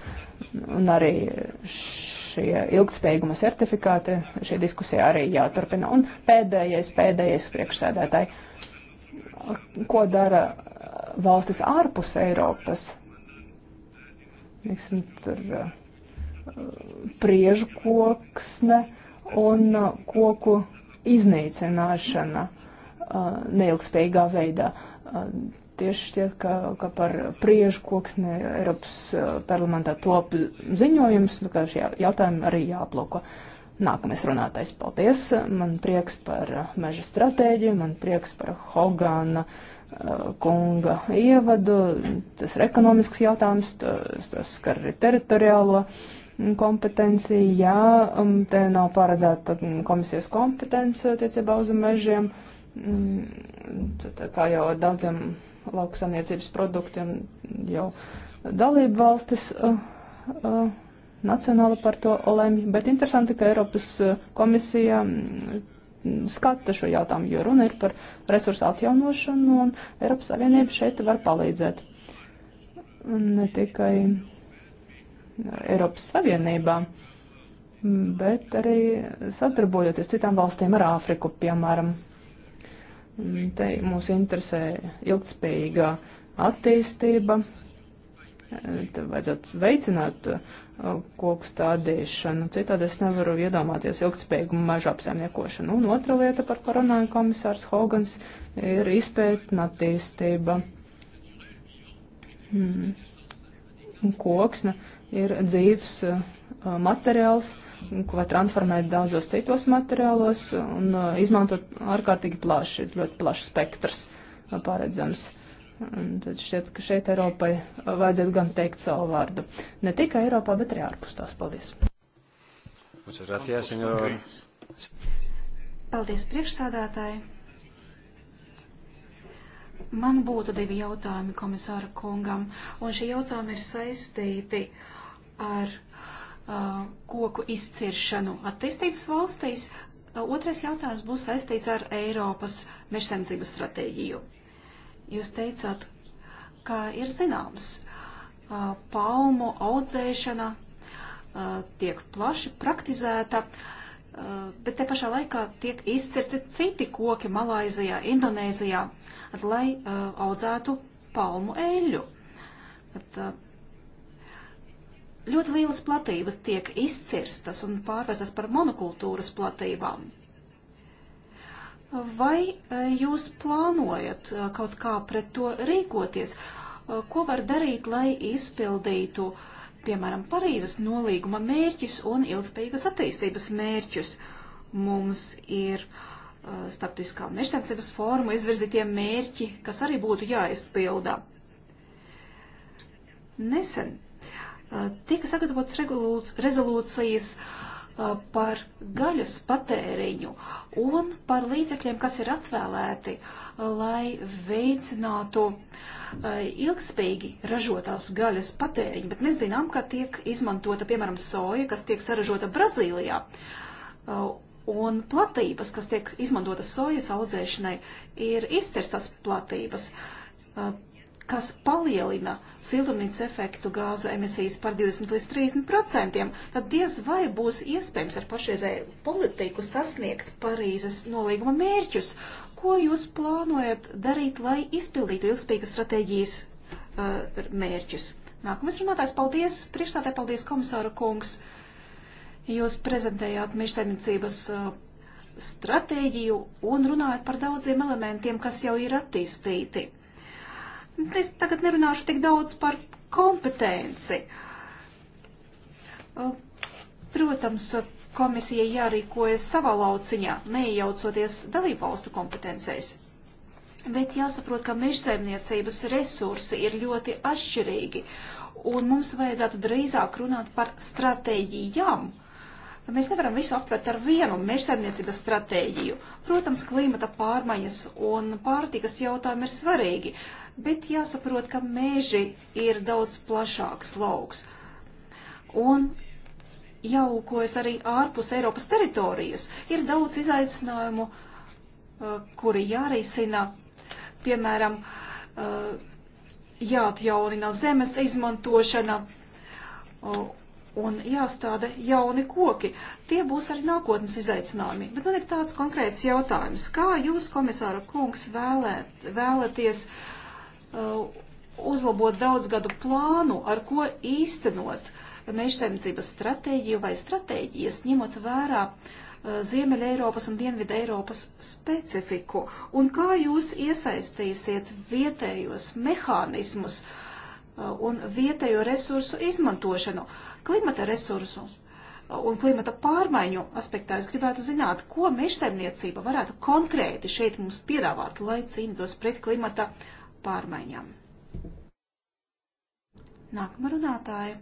un arī šie ilgspējīguma certifikāti, šī diskusija arī jāturpina. Un pēdējais, pēdējais priekšsēdētāji, ko dara valstis ārpus Eiropas? Niksim, tur uh, priežkoksne un uh, koku iznīcināšana neilgspējīgā veidā. Tieši šķiet, ka, ka par priežu koksni Eiropas parlamentā top ziņojums, nu, ka šie jautājumi arī jāaplūko. Nākamais runātais, paldies. Man prieks par meža stratēģiju, man prieks par Hogana kunga ievadu. Tas ir ekonomisks jautājums, tas, tas skar arī teritoriālo kompetenci. Jā, um, te nav paredzēta mm, komisijas kompetence attiecībā uz mežiem. Uh, Mm, tā kā jau daudziem lauksaimniecības produktiem jau dalību valstis uh, uh, nacionāli par to lemj, bet interesanti, ka Eiropas uh, komisija mm, skata šo jautājumu, jo runa ir par resursu atjaunošanu un Eiropas Savienība šeit var palīdzēt. Ne tikai Eiropas Savienībā, mm, bet arī sadarbojoties citām valstīm ar Āfriku, piemēram. Te mūs interesē ilgtspējīgā attīstība. Te vajadzētu veicināt uh, koku stādīšanu. Citādi es nevaru iedomāties ilgtspējīgu meža apsaimniekošanu. Un otra lieta, par ko runāja komisārs Hogans, ir izpētna attīstība. Hmm. Koksne ir dzīves uh, Uh, materiāls, ko var transformēt daudzos citos materiālos un uh, izmantot ārkārtīgi plaši, ir ļoti plašs spektrs uh, paredzams. Un tad šķiet, ka šeit Eiropai vajadzētu gan teikt savu vārdu. Ne tikai Eiropā, bet arī ārpus tās. Paldies. Paldies, priekšsādātāji. Man būtu divi jautājumi komisāra kungam, un šie jautājumi ir saistīti ar Uh, koku izciršanu attīstības valstīs. Uh, otrais jautājums būs saistīts ar Eiropas mežsaimniecības stratēģiju. Jūs teicāt, ka ir zināms uh, palmu audzēšana tiek plaši praktizēta, bet te pašā laikā tiek izcirti citi koki Malaizijā, Indonēzijā, lai audzētu palmu eļļu. Tad, Ļoti lielas platības tiek izcirstas un pārvestas par monokultūras platībām. Vai e, jūs plānojat e, kaut kā pret to rīkoties? E, ko var darīt, lai izpildītu, piemēram, Parīzes nolīguma mērķus un ilgspējīgas attīstības mērķus? Mums ir starptiskā mežsēmniecības forma izvirzītie mērķi, kas arī būtu jāizpilda. Nesen Eh, tika sagatavotas rezolūcijas eh, par gaļas patēriņu un par līdzekļiem, kas ir atvēlēti, eh, lai veicinātu ilgspējīgi ražotās gaļas patēriņu. Bet mēs zinām, ka tiek izmantota, piemēram, soja, kas tiek saražota Brazīlijā. Un platības, kas tiek izmantotas sojas audzēšanai, ir izcirstas platības kas palielina siltumnīca efektu gāzu emisijas par 20 līdz 30 procentiem, tad diez vai būs iespējams ar pašreizēju politiku sasniegt Parīzes nolīguma mērķus. Ko jūs plānojat darīt, lai izpildītu ilgspējīgas stratēģijas uh, mērķus? Nākamais runātājs, paldies, priekšstādē paldies komisāra kungs. Jūs prezentējāt mežsaimniecības uh, stratēģiju un runājat par daudziem elementiem, kas jau ir attīstīti. Uh, Es tagad nerunāšu tik daudz par kompetenci. Uh, protams, komisijai jārīkojas savā lauciņā, neiejaucoties dalību valstu kompetencēs. Bet jāsaprot, ka mežsaimniecības resursi ir ļoti atšķirīgi, un mums vajadzētu drīzāk runāt par stratēģijām. Mēs nevaram visu aptvert ar vienu mežsaimniecības stratēģiju. Protams, klimata pārmaiņas un pārtikas jautājumi ir svarīgi, bet jāsaprot, ka meži ir daudz plašāks lauks. Un jaukojas arī ārpus Eiropas teritorijas. Ir daudz izaicinājumu, uh, kuri jārisina, piemēram, uh, jāatjaunina zemes izmantošana uh, un jāstāda jauni koki. Tie būs arī nākotnes izaicinājumi. Bet man ir tāds konkrēts jautājums. Kā jūs, komisāra kungs, vēlēt, vēlaties uh, Uh, uzlabot daudzgadu plānu, ar ko īstenot mežsaimniecības stratēģiju vai stratēģijas, ņemot vērā uh, Ziemeļa Eiropas un Dienvida Eiropas specifiku, un kā jūs iesaistīsiet vietējos mehānismus uh, un vietējo resursu izmantošanu, klimata resursu un klimata pārmaiņu aspektā es gribētu zināt, ko mežsaimniecība varētu konkrēti šeit mums piedāvāt, lai cīnītos pret klimata pārmaiņu pārmaiņām. Nākamā runātāja.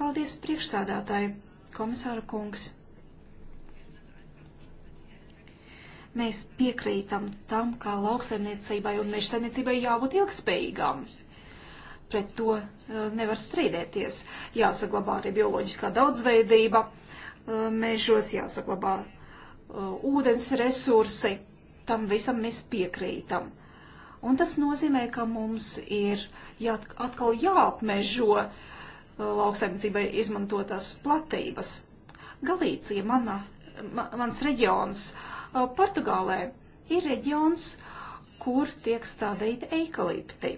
Paldies priekšsādātāji, komisāra kungs. Mēs piekrītam tam, ka lauksaimniecībai un mežsaimniecībai jābūt ilgspējīgām. Pret to e, nevar strīdēties. Jāsaglabā arī bioloģiskā daudzveidība e, mežos, jāsaglabā Uh, ūdens resursi, tam visam mēs piekrītam. Un tas nozīmē, ka mums ir jā, atkal jāapmežo uh, lauksaimniecībai izmantotās platības. Galīcija, mana, ma, mans reģions, uh, Portugālē ir reģions, kur tiek stādīti eikalipti.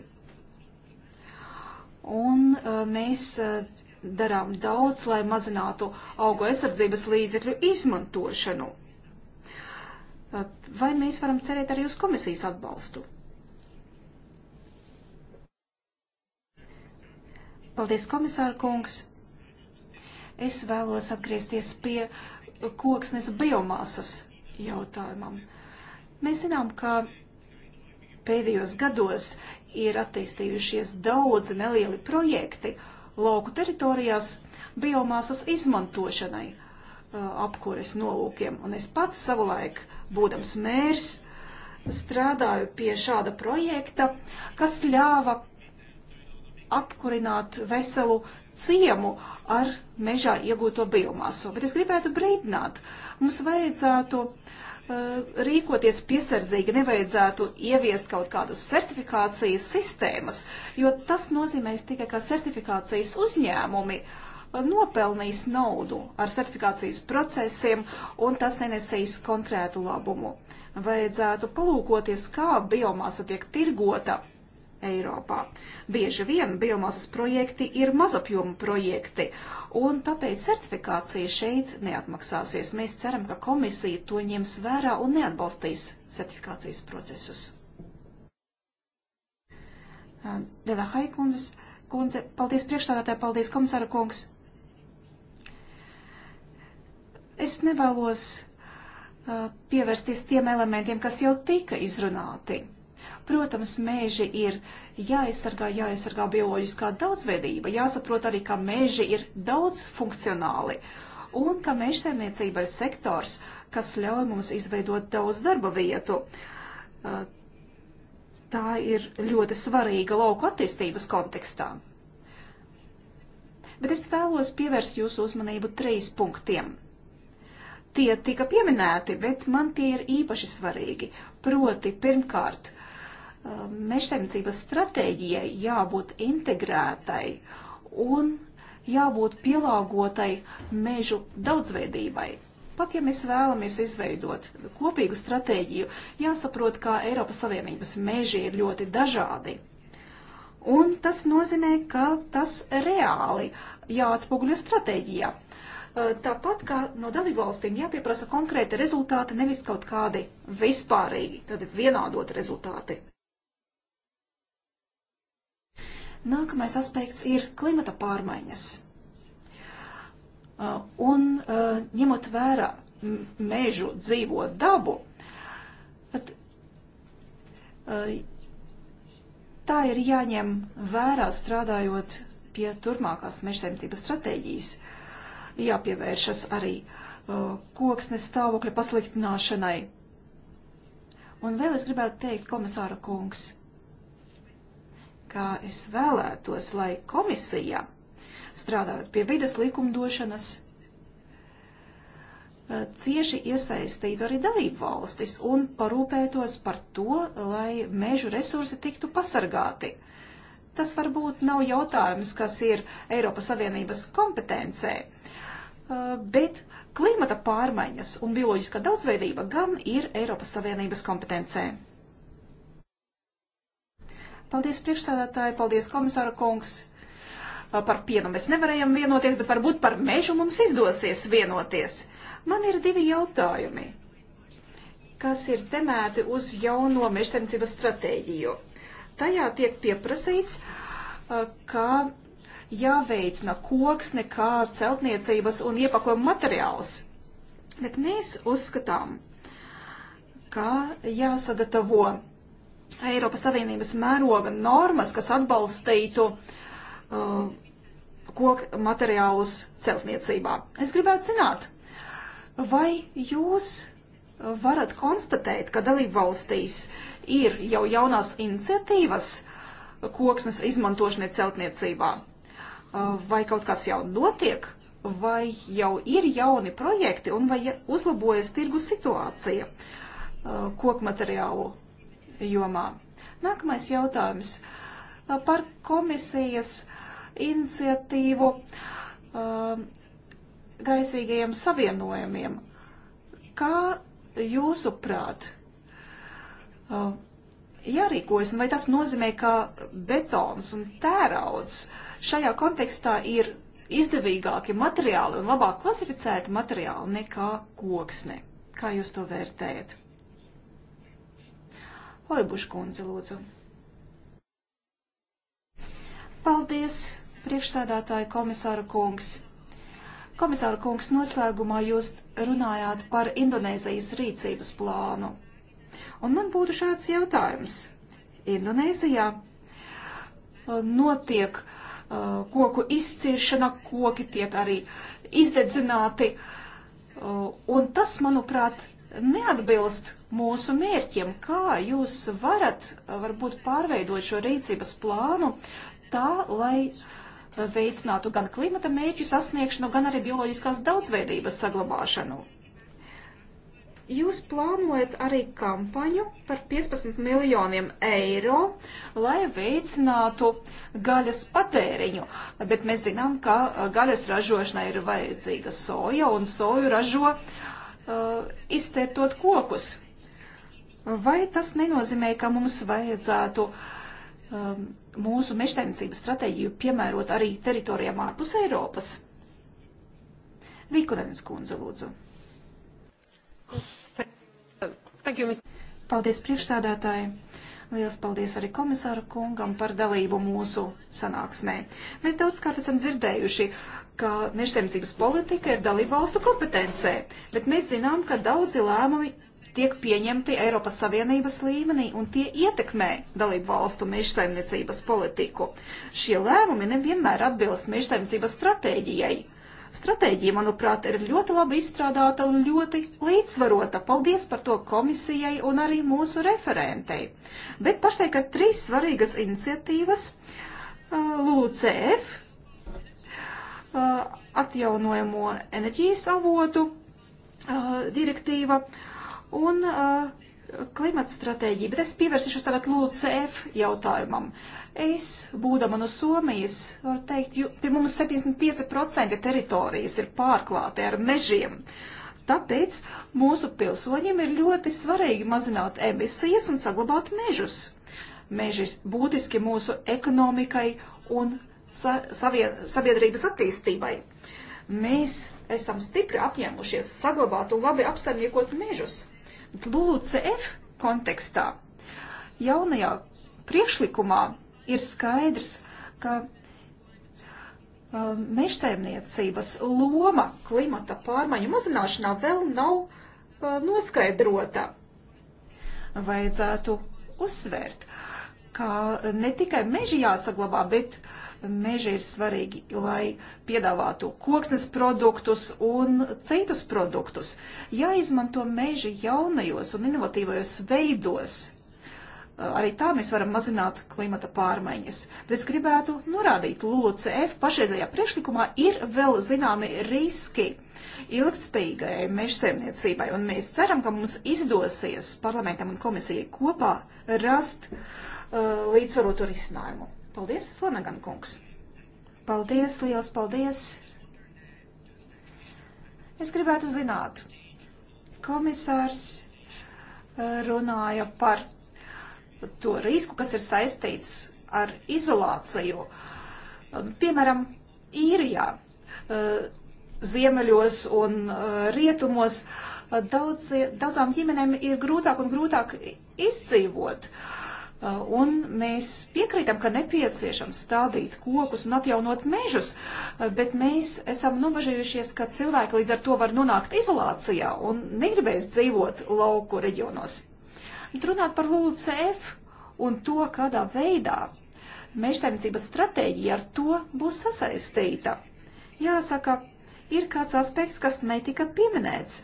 Un mēs darām daudz, lai mazinātu augu aizsardzības līdzekļu izmantošanu. Vai mēs varam cerēt arī uz komisijas atbalstu? Paldies, komisāra kungs! Es vēlos atgriezties pie koksnes biomasas jautājumam. Mēs zinām, ka pēdējos gados ir attīstījušies daudzi nelieli projekti lauku teritorijās biomasas izmantošanai uh, apkures nolūkiem. Un es pats savulaik uh, būdams mērs, strādāju pie šāda projekta, kas ļāva apkurināt veselu ciemu ar mežā iegūto biomasu. Bet es gribētu brīdināt, mums vajadzētu uh, rīkoties piesardzīgi, nevajadzētu ieviest kaut kādas certifikācijas sistēmas, jo tas nozīmēs tikai, ka certifikācijas uzņēmumi uh, nopelnīs naudu ar certifikācijas procesiem, un tas nenesīs konkrētu labumu. Vajadzētu palūkoties, kā biomasa tiek tirgota Eiropā. Bieži vien biomasas projekti ir mazapjoma projekti, un tāpēc certifikācija šeit neatmaksāsies. Mēs ceram, ka komisija to ņems vērā un neatbalstīs certifikācijas procesus. Deva Haikundzes kundze, paldies priekšstādātāji, paldies komisāra kungs. Es nevēlos uh, pievērsties tiem elementiem, kas jau tika izrunāti. Protams, mēži ir jāaizsargā, jāaizsargā bioloģiskā daudzveidība, jāsaprot arī, ka mēži ir daudz funkcionāli un ka mežsaimniecība ir sektors, kas ļauj mums izveidot daudz darba vietu. Uh, tā ir ļoti svarīga lauku attīstības kontekstā bet es vēlos pievērst jūsu uzmanību trīs punktiem tie tika pieminēti, bet man tie ir īpaši svarīgi. Proti, pirmkārt, um, mežsaimniecības stratēģijai jābūt integrētai un jābūt pielāgotai mežu daudzveidībai. Pat ja mēs vēlamies izveidot kopīgu stratēģiju, jāsaprot, ka Eiropas Savienības meži ir ļoti dažādi. Un tas nozīmē, ka tas reāli jāatspoguļo stratēģijā. Uh, Eh, tāpat kā no dalībvalstīm jāpieprasa konkrēti rezultāti, nevis kaut kādi vispārīgi, tad vienādot rezultāti. Nākamais aspekts ir klimata pārmaiņas. Eh, un eh, ņemot vērā mežu dzīvo dabu, tad tā ir jāņem vērā strādājot pie turpmākās mežsaimniecības stratēģijas. Uh, jāpievēršas arī uh, koksnes stāvokļa pasliktināšanai. Un vēl es gribētu teikt, komisāra kungs, kā es vēlētos, lai komisija, strādājot pie vidas likumdošanas, uh, cieši iesaistītu arī dalību valstis un parūpētos par to, lai mežu resursi tiktu pasargāti. Tas varbūt nav jautājums, kas ir Eiropas Savienības kompetencē, Uh, bet klimata pārmaiņas un bioloģiskā daudzveidība gan ir Eiropas Savienības kompetencē. Paldies priekšsādātāji, paldies komisāra kungs. Uh, par pienu mēs nevarējām vienoties, bet varbūt par mežu mums izdosies vienoties. Man ir divi jautājumi, kas ir temēti uz jauno mežsensības stratēģiju. Tajā tiek pieprasīts, uh, ka jāveicina koksne kā celtniecības un iepakojuma materiāls. Bet mēs uzskatām, ka jāsagatavo Eiropas Savienības mēroga normas, kas atbalstītu uh, koku materiālus celtniecībā. Es gribētu zināt, vai jūs varat konstatēt, ka dalību valstīs ir jau jaunās iniciatīvas koksnes izmantošanai celtniecībā? vai kaut kas jau notiek, vai jau ir jauni projekti un vai uzlabojas tirgu situācija kokmateriālu jomā. Nākamais jautājums par komisijas iniciatīvu gaisīgajiem savienojumiem. Kā jūsuprāt, jārīkojas, un vai tas nozīmē, ka betons un tērauds uh, šajā kontekstā ir izdevīgāki materiāli un labāk klasificēti materiāli nekā koksne. Kā jūs to vērtējat? Oibuškundze, lūdzu. Paldies, priekšsēdētāji komisāra kungs. Komisāra kungs, noslēgumā jūs runājāt par Indonēzijas rīcības plānu. Un man būtu šāds jautājums. Indonēzijā uh, notiek uh, Uh, koku izciršana, koki tiek arī izdedzināti. Uh, un tas, manuprāt, neatbilst mūsu mērķiem. Kā jūs varat uh, varbūt pārveidot šo rīcības plānu tā, lai veicinātu gan klimata mērķu sasniegšanu, gan arī bioloģiskās daudzveidības saglabāšanu? Jūs plānojat arī kampaņu par 15 miljoniem eiro, lai veicinātu gaļas patēriņu, bet mēs zinām, ka uh, gaļas ražošanai ir vajadzīga soja, un soju ražo uh, izstērtot kokus. Vai tas nenozīmē, ka mums vajadzētu um, mūsu mežtainicības stratēģiju piemērot arī teritorijām ārpus Eiropas? Vikunēns kundze, lūdzu. jums. Paldies priekšsādātāji. Liels paldies arī komisāra kungam par dalību mūsu sanāksmē. Mēs daudzkārt esam dzirdējuši, ka mežsēmniecības politika ir dalību valstu kompetencē, bet mēs zinām, ka daudzi lēmumi tiek pieņemti Eiropas Savienības līmenī un tie ietekmē dalību valstu mežsēmniecības politiku. Šie lēmumi nevienmēr atbilst mežsēmniecības stratēģijai Stratēģija, manuprāt, ir ļoti labi izstrādāta un ļoti līdzsvarota. Paldies par to komisijai un arī mūsu referentei. Bet pašlaik ir trīs svarīgas iniciatīvas. Uh, LUCF, uh, atjaunojamo enerģijas avotu uh, direktīva un klimata stratēģiju, bet es pievērsīšos tagad LULCF jautājumam. Es, būdama no Somijas, varu teikt, jo pie mums 75% teritorijas ir pārklāti ar mežiem. Tāpēc mūsu pilsoņiem ir ļoti svarīgi mazināt emisijas un saglabāt mežus. Meži ir būtiski mūsu ekonomikai un sa sabiedrības attīstībai. Mēs esam stipri apņēmušies saglabāt un labi apsaimniekot mežus LULUCF kontekstā. Jaunajā priekšlikumā ir skaidrs, ka uh, mežsaimniecības loma klimata pārmaiņu mazināšanā vēl nav uh, noskaidrota. Vajadzētu uzsvērt, ka ne tikai meži jāsaglabā, bet uh, meži ir svarīgi, lai piedāvātu koksnes produktus un citus produktus. Jāizmanto meži jaunajos un inovatīvajos veidos. Arī tā mēs varam mazināt klimata pārmaiņas. Es gribētu norādīt, LULUCF pašreizajā priekšlikumā ir vēl zināmi riski ilgtspējīgai mežsaimniecībai, un mēs ceram, ka mums izdosies parlamentam un komisijai kopā rast uh, līdzsvarotu risinājumu. Paldies, Flanagan kungs. Paldies, liels paldies. Es gribētu zināt, komisārs eh, runāja par to risku, kas ir saistīts ar izolāciju. Um, piemēram, īrijā, eh, ziemeļos un eh, rietumos daudz, daudzām ģimenēm ir grūtāk un grūtāk izdzīvot. Uh, Uh, un mēs piekrītam, ka nepieciešams stādīt kokus un atjaunot mežus, uh, bet mēs esam nobažījušies, ka cilvēki līdz ar to var nonākt izolācijā un negribēs dzīvot lauku reģionos. Bet runāt par LULCF un to, kādā veidā mežsaimniecības stratēģija ar to būs sasaistīta. Jāsaka, ir kāds aspekts, kas netika pieminēts.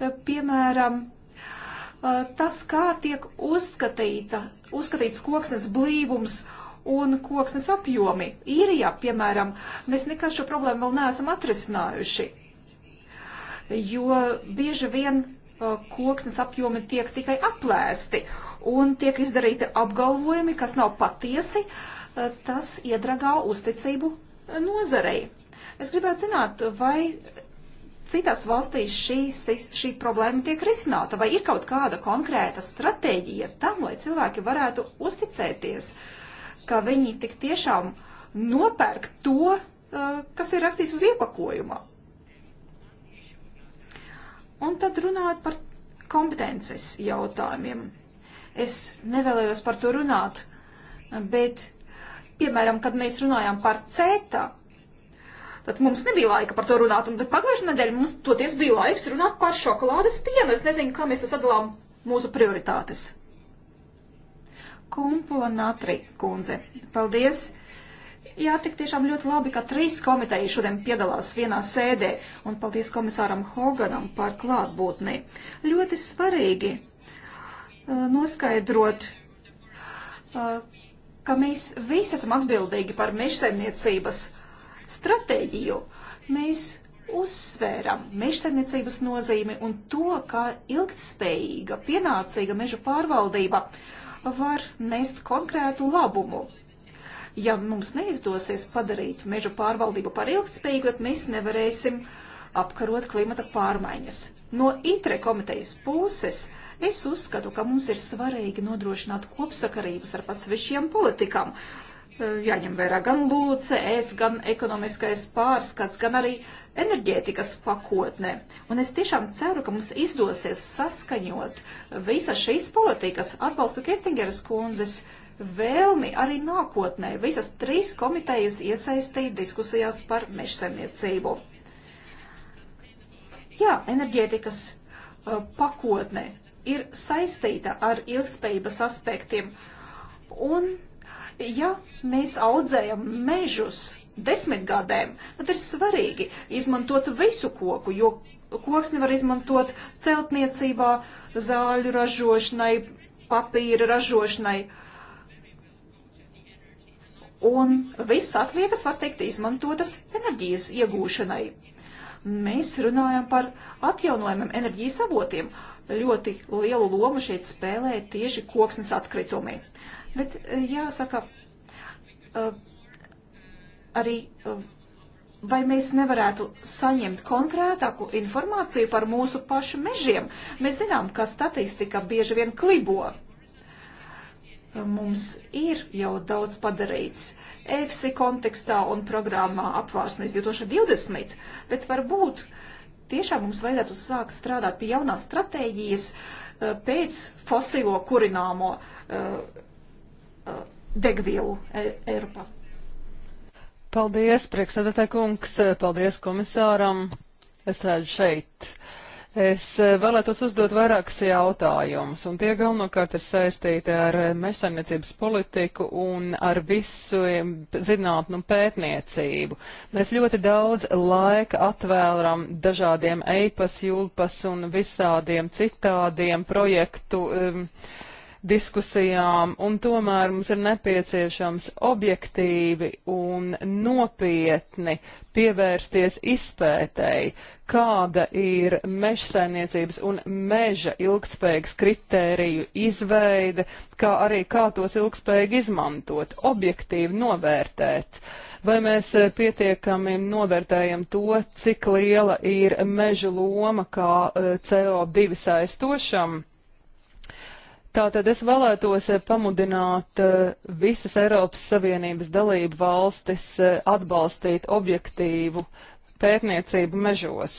Uh, piemēram, tas, kā tiek uzskatīta uzskatīts koksnes blīvums un koksnes apjomi. Īrijā, piemēram, mēs nekad šo problēmu vēl neesam atrisinājuši, jo bieži vien uh, koksnes apjomi tiek tikai aplēsti un tiek izdarīti apgalvojumi, kas nav patiesi, uh, tas iedragā uzticību uh, nozarei. Es gribētu zināt, vai citās valstīs šī, šī problēma tiek risināta? Vai ir kaut kāda konkrēta stratēģija tam, lai cilvēki varētu uzticēties, ka viņi tik tiešām nopērk to, uh, kas ir rakstīts uz iepakojumā? Un tad runājot par kompetences jautājumiem. Es nevēlējos par to runāt, bet, piemēram, kad mēs runājam par CETA, Tad mums nebija laika par to runāt, un, bet pagājušajā nedēļā mums toties bija laiks runāt par šokolādes pienu. Es nezinu, kā mēs sadalām mūsu prioritātes. Kumpula Natri kundze, paldies! Jā, tik tiešām ļoti labi, ka trīs komiteji šodien piedalās vienā sēdē, un paldies komisāram Hoganam par klātbūtni. Ļoti svarīgi uh, noskaidrot, uh, ka mēs visi esam atbildīgi par mežsaimniecības stratēģiju, mēs uzsvēram mežsaimniecības nozīmi un to, ka ilgtspējīga, pienācīga mežu pārvaldība var nest konkrētu labumu. Ja mums neizdosies padarīt mežu pārvaldību par ilgtspējīgu, tad mēs nevarēsim apkarot klimata pārmaiņas. No ITRE komitejas puses es uzskatu, ka mums ir svarīgi nodrošināt kopsakarības ar patsvešiem politikam, Eh, jāņem vērā gan LULUCF, gan ekonomiskais pārskats, gan arī enerģētikas pakotne. Un es tiešām ceru, ka mums izdosies saskaņot visas šīs politikas atbalstu Kestingeras kundzes vēlmi arī nākotnē visas trīs komitejas iesaistīt diskusijās par mežsaimniecību. Jā, enerģētikas uh, pakotne ir saistīta ar ilgspējības aspektiem. Un Ja mēs audzējam mežus desmitgadēm, tad ir svarīgi izmantot visu koku, jo koks nevar izmantot celtniecībā, zāļu ražošanai, papīra ražošanai. Un viss atliekas, var teikt, izmantotas enerģijas iegūšanai. Mēs runājam par atjaunojumiem enerģijas avotiem. Ļoti lielu lomu šeit spēlē tieši koksnes atkritumi. Bet e, jāsaka, e, arī e, vai mēs nevarētu saņemt konkrētāku informāciju par mūsu pašu mežiem. Mēs zinām, ka statistika bieži vien klibo. Mums ir jau daudz padarīts EFSI kontekstā un programmā apvārsnes 2020, bet varbūt tiešām mums vajadzētu sākt strādāt pie jaunās stratēģijas pēc fosilo kurināmo uh, degvielu e- Eiropā. Paldies, priekšsēdētāj kungs, paldies komisāram. Es redzu šeit. Es vēlētos uzdot vairākas jautājumus, un tie galvenokārt ir saistīti ar mežsaimniecības politiku un ar visu zinātnu un pētniecību. Mēs ļoti daudz laika atvēlam dažādiem eipas, jūlpas un visādiem citādiem projektu. Um, diskusijām, un tomēr mums ir nepieciešams objektīvi un nopietni pievērsties izpētēji, kāda ir mežsaimniecības un meža ilgspējīgas kritēriju izveide, kā arī kā tos ilgspējīgi izmantot, objektīvi novērtēt. Vai mēs pietiekami novērtējam to, cik liela ir meža loma kā eh, CO2 saistošam? Tātad es vēlētos eh, pamudināt eh, visas Eiropas Savienības dalību valstis eh, atbalstīt objektīvu pētniecību mežos.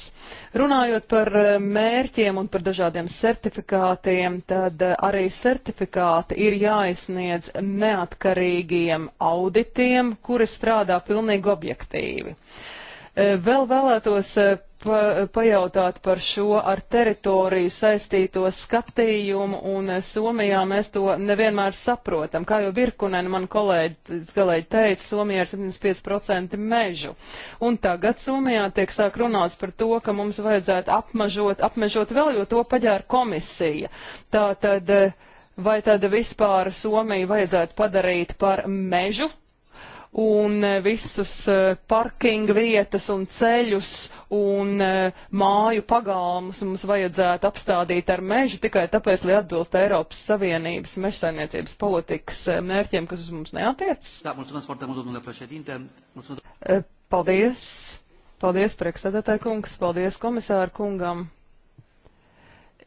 Runājot par mērķiem un par dažādiem certifikātiem, tad arī certifikāti ir jāizsniedz neatkarīgiem auditiem, kuri strādā pilnīgi objektīvi. Vēl vēlētos pa, pajautāt par šo ar teritoriju saistīto skatījumu, un Somijā mēs to nevienmēr saprotam. Kā jau Virkunen, man kolēģi, kolēģi teica, Somijā ir 75% mežu. Un tagad Somijā tiek sāk runāts par to, ka mums vajadzētu apmažot, apmežot vēl, jo to paģēra komisija. Tātad, vai tad vispār Somiju vajadzētu padarīt par mežu? un visus eh, parking vietas un ceļus un eh, māju pagalmus mums vajadzētu apstādīt ar mežu tikai tāpēc, lai atbilst Eiropas Savienības mežsainiecības politikas eh, mērķiem, kas uz mums neatiecas. Eh, paldies! Paldies, priekšstādātāji kungs! Paldies komisāru kungam!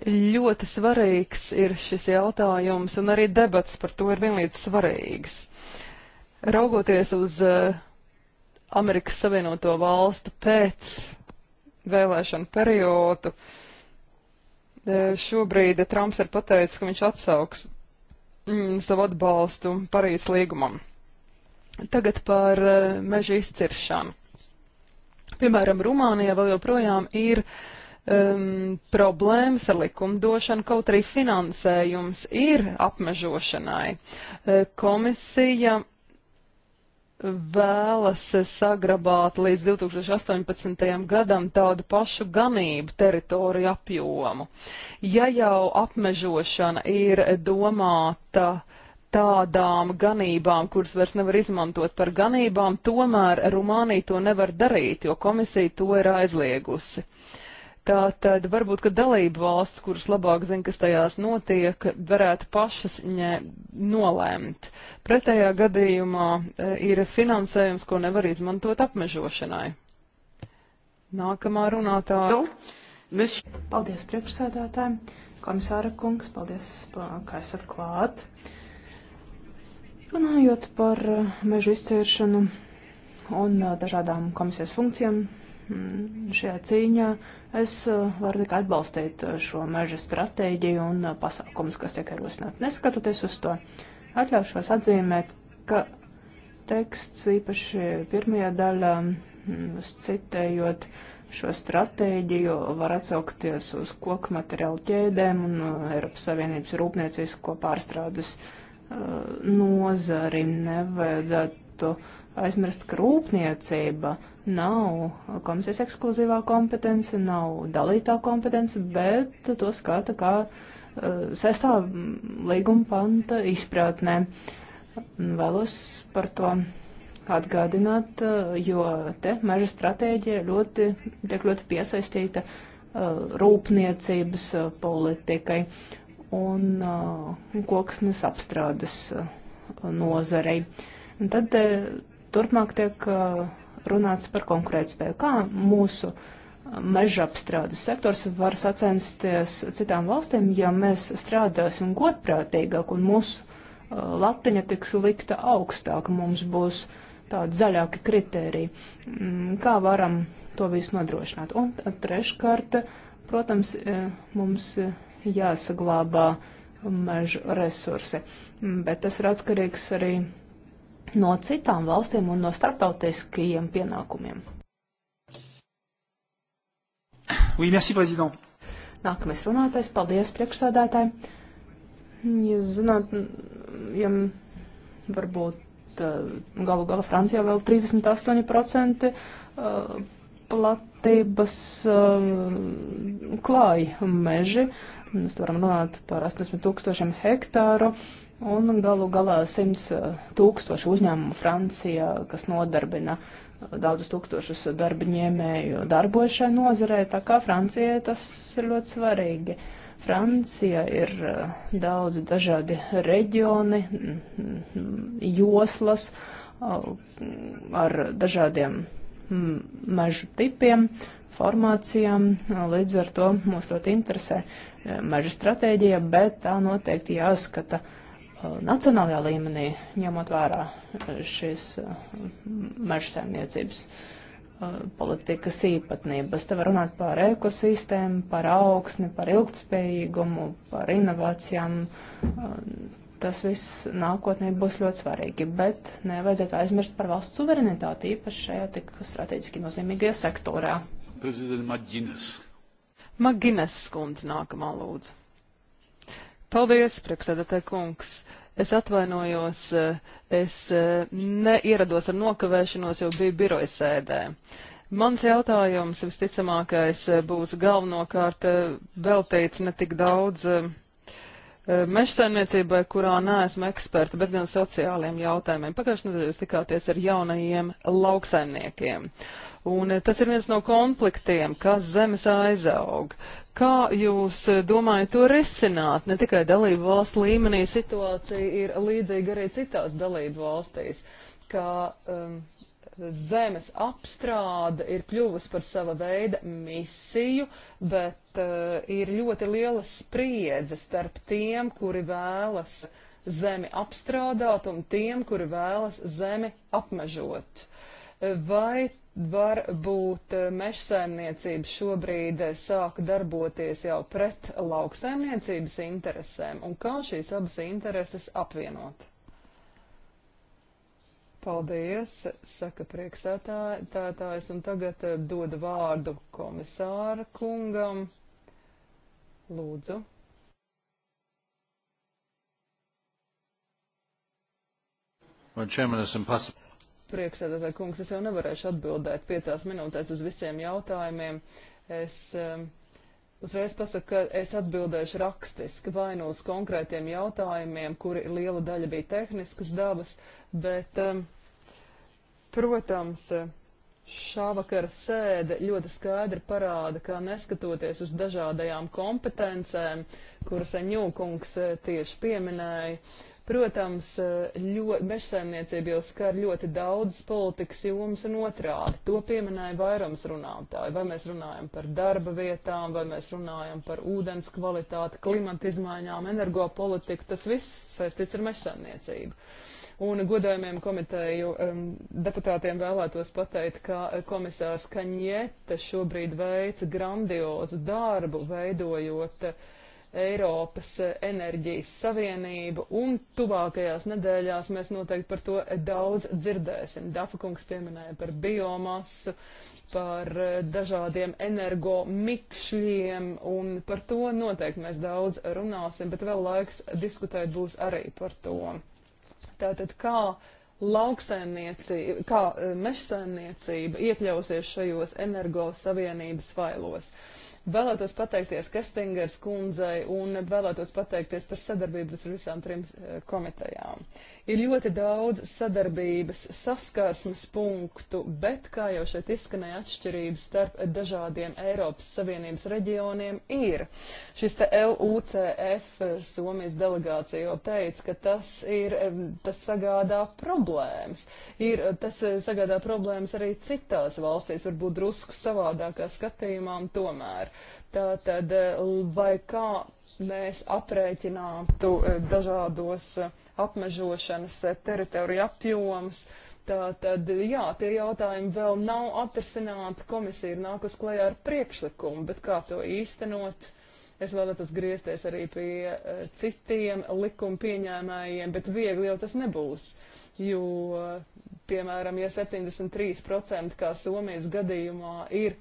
Ļoti svarīgs ir šis jautājums, un arī debats par to ir vienlīdz svarīgs. Raugoties uz uh, Amerikas Savienoto Valstu pēc vēlēšanu periodu. E, šobrīd Trumps ir pateicis, ka viņš atsauks mm, savu atbalstu Parīzes līgumam. Tagad par e, meža izciršanu. Piemēram, Rumānijā vēl joprojām ir um, problēmas ar likumdošanu, kaut arī finansējums ir apmežošanai. E, komisija vēlas sagrabāt līdz 2018. gadam tādu pašu ganību teritoriju apjomu. Ja jau apmežošana ir domāta tādām ganībām, kuras vairs nevar izmantot par ganībām, tomēr Rumānija to nevar darīt, jo komisija to ir aizliegusi. Uh, Tā tad varbūt, ka dalību valsts, kuras labāk zina, kas tajās notiek, varētu pašas ņē, nolēmt. Pretējā gadījumā e, ir finansējums, ko nevar izmantot apmežošanai. Nākamā runātāja. Nu, paldies priekšsēdētājiem, komisāra kungs, paldies, ka esat klāt. Runājot par e, mežu izcēršanu un e, dažādām komisijas funkcijām, Mm, šajā cīņā. Es uh, varu tikai atbalstīt uh, šo meža stratēģiju un uh, pasākumus, kas tiek ierosināti. Neskatoties uz to, atļaušos atzīmēt, ka teksts īpaši pirmajā daļā, mm, citējot šo stratēģiju, var atsaukties uz koku materiālu ķēdēm un Eiropas Savienības rūpniecisko pārstrādes nozari. Nevajadzētu uh, aizmirst, ka rūpniecība nav komisijas ekskluzīvā kompetence, nav dalītā kompetence, bet to skata kā uh, sestā līguma panta izpratnē. Vēlos par to atgādināt, uh, jo te meža stratēģija ļoti, tiek ļoti piesaistīta uh, rūpniecības uh, politikai un uh, koksnes apstrādes uh, nozarei. Un tad uh, Turpmāk tiek uh, runāts par konkurētspēju. Kā mūsu meža apstrādes sektors var sacensties citām valstīm, ja mēs strādāsim godprātīgāk un mūsu uh, latiņa tiks likta augstāk, mums būs tādi zaļāki kriteriji. Mm, kā varam to visu nodrošināt? Un treškārt, protams, e, mums jāsaglabā meža resursi, mm, bet tas ir atkarīgs arī no citām valstīm un no starptautiskajiem pienākumiem. Oui, merci, prezident. Nākamais runātais, paldies priekšstādātāji. Jūs zināt, ja varbūt galu gala Francijā vēl 38% platības klāj meži. Mēs varam runāt par 80 tūkstošiem hektāru. Un galu galā 100 eh, tūkstoši uzņēmumu Francijā, kas nodarbina eh, daudzus tūkstošus darbiņēmēju darbojas šajā nozarē, tā kā Francijai tas ir ļoti svarīgi. Francija ir eh, daudz dažādi reģioni, mm, mm, joslas ar dažādiem mm, mežu tipiem, formācijām, līdz ar to mūs ļoti interesē meža stratēģija, bet tā noteikti jāskata. Uh, Uh, nacionālajā līmenī, ņemot vērā uh, šīs uh, mežsēmniecības politikas īpatnības. Te var runāt par ekosistēmu, par augsni, par ilgtspējīgumu, par inovācijām. Tas viss nākotnē būs ļoti svarīgi, bet nevajadzētu aizmirst par valsts suverenitāti, īpaši šajā tik strateģiski nozīmīgajā sektorā. Prezidenta Maginas. Maginas skundze nākamā lūdzu. Paldies, priekšsēdētāj kungs. Es atvainojos, eh, es eh, neierados ar nokavēšanos, jo biju biroja sēdē. Mans jautājums visticamākais eh, būs galvenokārt veltīts ne tik daudz mežsaimniecībai, kurā neesmu eksperta, bet gan sociāliem jautājumiem. Pagājušajā nedēļā jūs tikāties ar jaunajiem lauksaimniekiem. Un tas ir viens no konfliktiem, kas zemes aizaug. Kā jūs eh, domājat to risināt? Ne tikai dalību valstu līmenī situācija ir līdzīga arī citās dalību valstīs, kā um, zemes apstrāde ir kļuvusi par sava veida misiju, bet uh, ir ļoti liela spriedze starp tiem, kuri vēlas zemi apstrādāt un tiem, kuri vēlas zemi apmežot. Vai Varbūt eh, mežsaimniecība šobrīd eh, sāk darboties jau pret lauksaimniecības interesēm, un kā šīs abas intereses apvienot? Paldies, saka priekšsētājs, un tagad eh, doda vārdu komisāra kungam. Lūdzu. Well, Chairman, it's impossible priekšsēdētāji kungs, es jau nevarēšu atbildēt piecās minūtēs uz visiem jautājumiem. Es um, uzreiz pasaku, ka es atbildēšu rakstiski vai no uz konkrētiem jautājumiem, kuri liela daļa bija tehniskas dabas, bet, um, protams, šā vakara sēde ļoti skaidri parāda, ka neskatoties uz dažādajām kompetencēm, kuras Aņūkungs eh, tieši pieminēja, Protams, eh, mežsaimniecība jau skar ļoti daudz politikas jomas un otrādi. To pieminēja vairums runātāji. Vai mēs runājam par darba vietām, vai mēs runājam par ūdens kvalitāti, klimata izmaiņām, energopolitiku, tas viss saistīts ar mežsaimniecību. Un godājumiem komiteju um, deputātiem vēlētos pateikt, ka eh, komisārs Kaņieta šobrīd veica grandiozu darbu, veidojot uh, Eiropas enerģijas savienību, un tuvākajās nedēļās mēs noteikti par to daudz dzirdēsim. Dafakungs pieminēja par biomasu, par eh, dažādiem energomikšļiem, un par to noteikti mēs daudz runāsim, bet vēl laiks diskutēt būs arī par to. Tātad kā lauksaimniecība, kā eh, mežsaimniecība iekļausies šajos energosavienības failos. Vēlētos pateikties Kestingers kundzei un vēlētos pateikties par sadarbības ar visām trim eh, komitejām. Uh, Ir ļoti daudz sadarbības saskarsmes punktu, bet, kā jau šeit izskanēja, atšķirības starp dažādiem Eiropas Savienības reģioniem ir. Šis te LUCF, Somijas delegācija jau teica, ka tas, ir, tas sagādā problēmas. Ir, eh, tas eh, sagādā problēmas arī citās valstīs, varbūt drusku savādākā skatījumā un tomēr. Tātad, vai kā mēs aprēķinātu e, dažādos e, apmežošanas e, teritoriju apjomus, tātad, jā, tie jautājumi vēl nav atrisināti, komisija ir nākus klajā ar priekšlikumu, bet kā to īstenot, es vēlētos griezties arī pie citiem likuma pieņēmējiem, bet viegli jau tas nebūs jo, piemēram, ja 73% kā Somijas gadījumā ir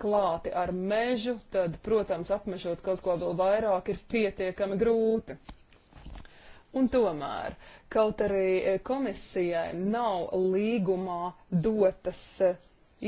klāti ar mežu, tad, protams, apmežot kaut ko vēl vairāk ir pietiekami grūti. Un tomēr, kaut arī e, komisijai nav līgumā dotas e,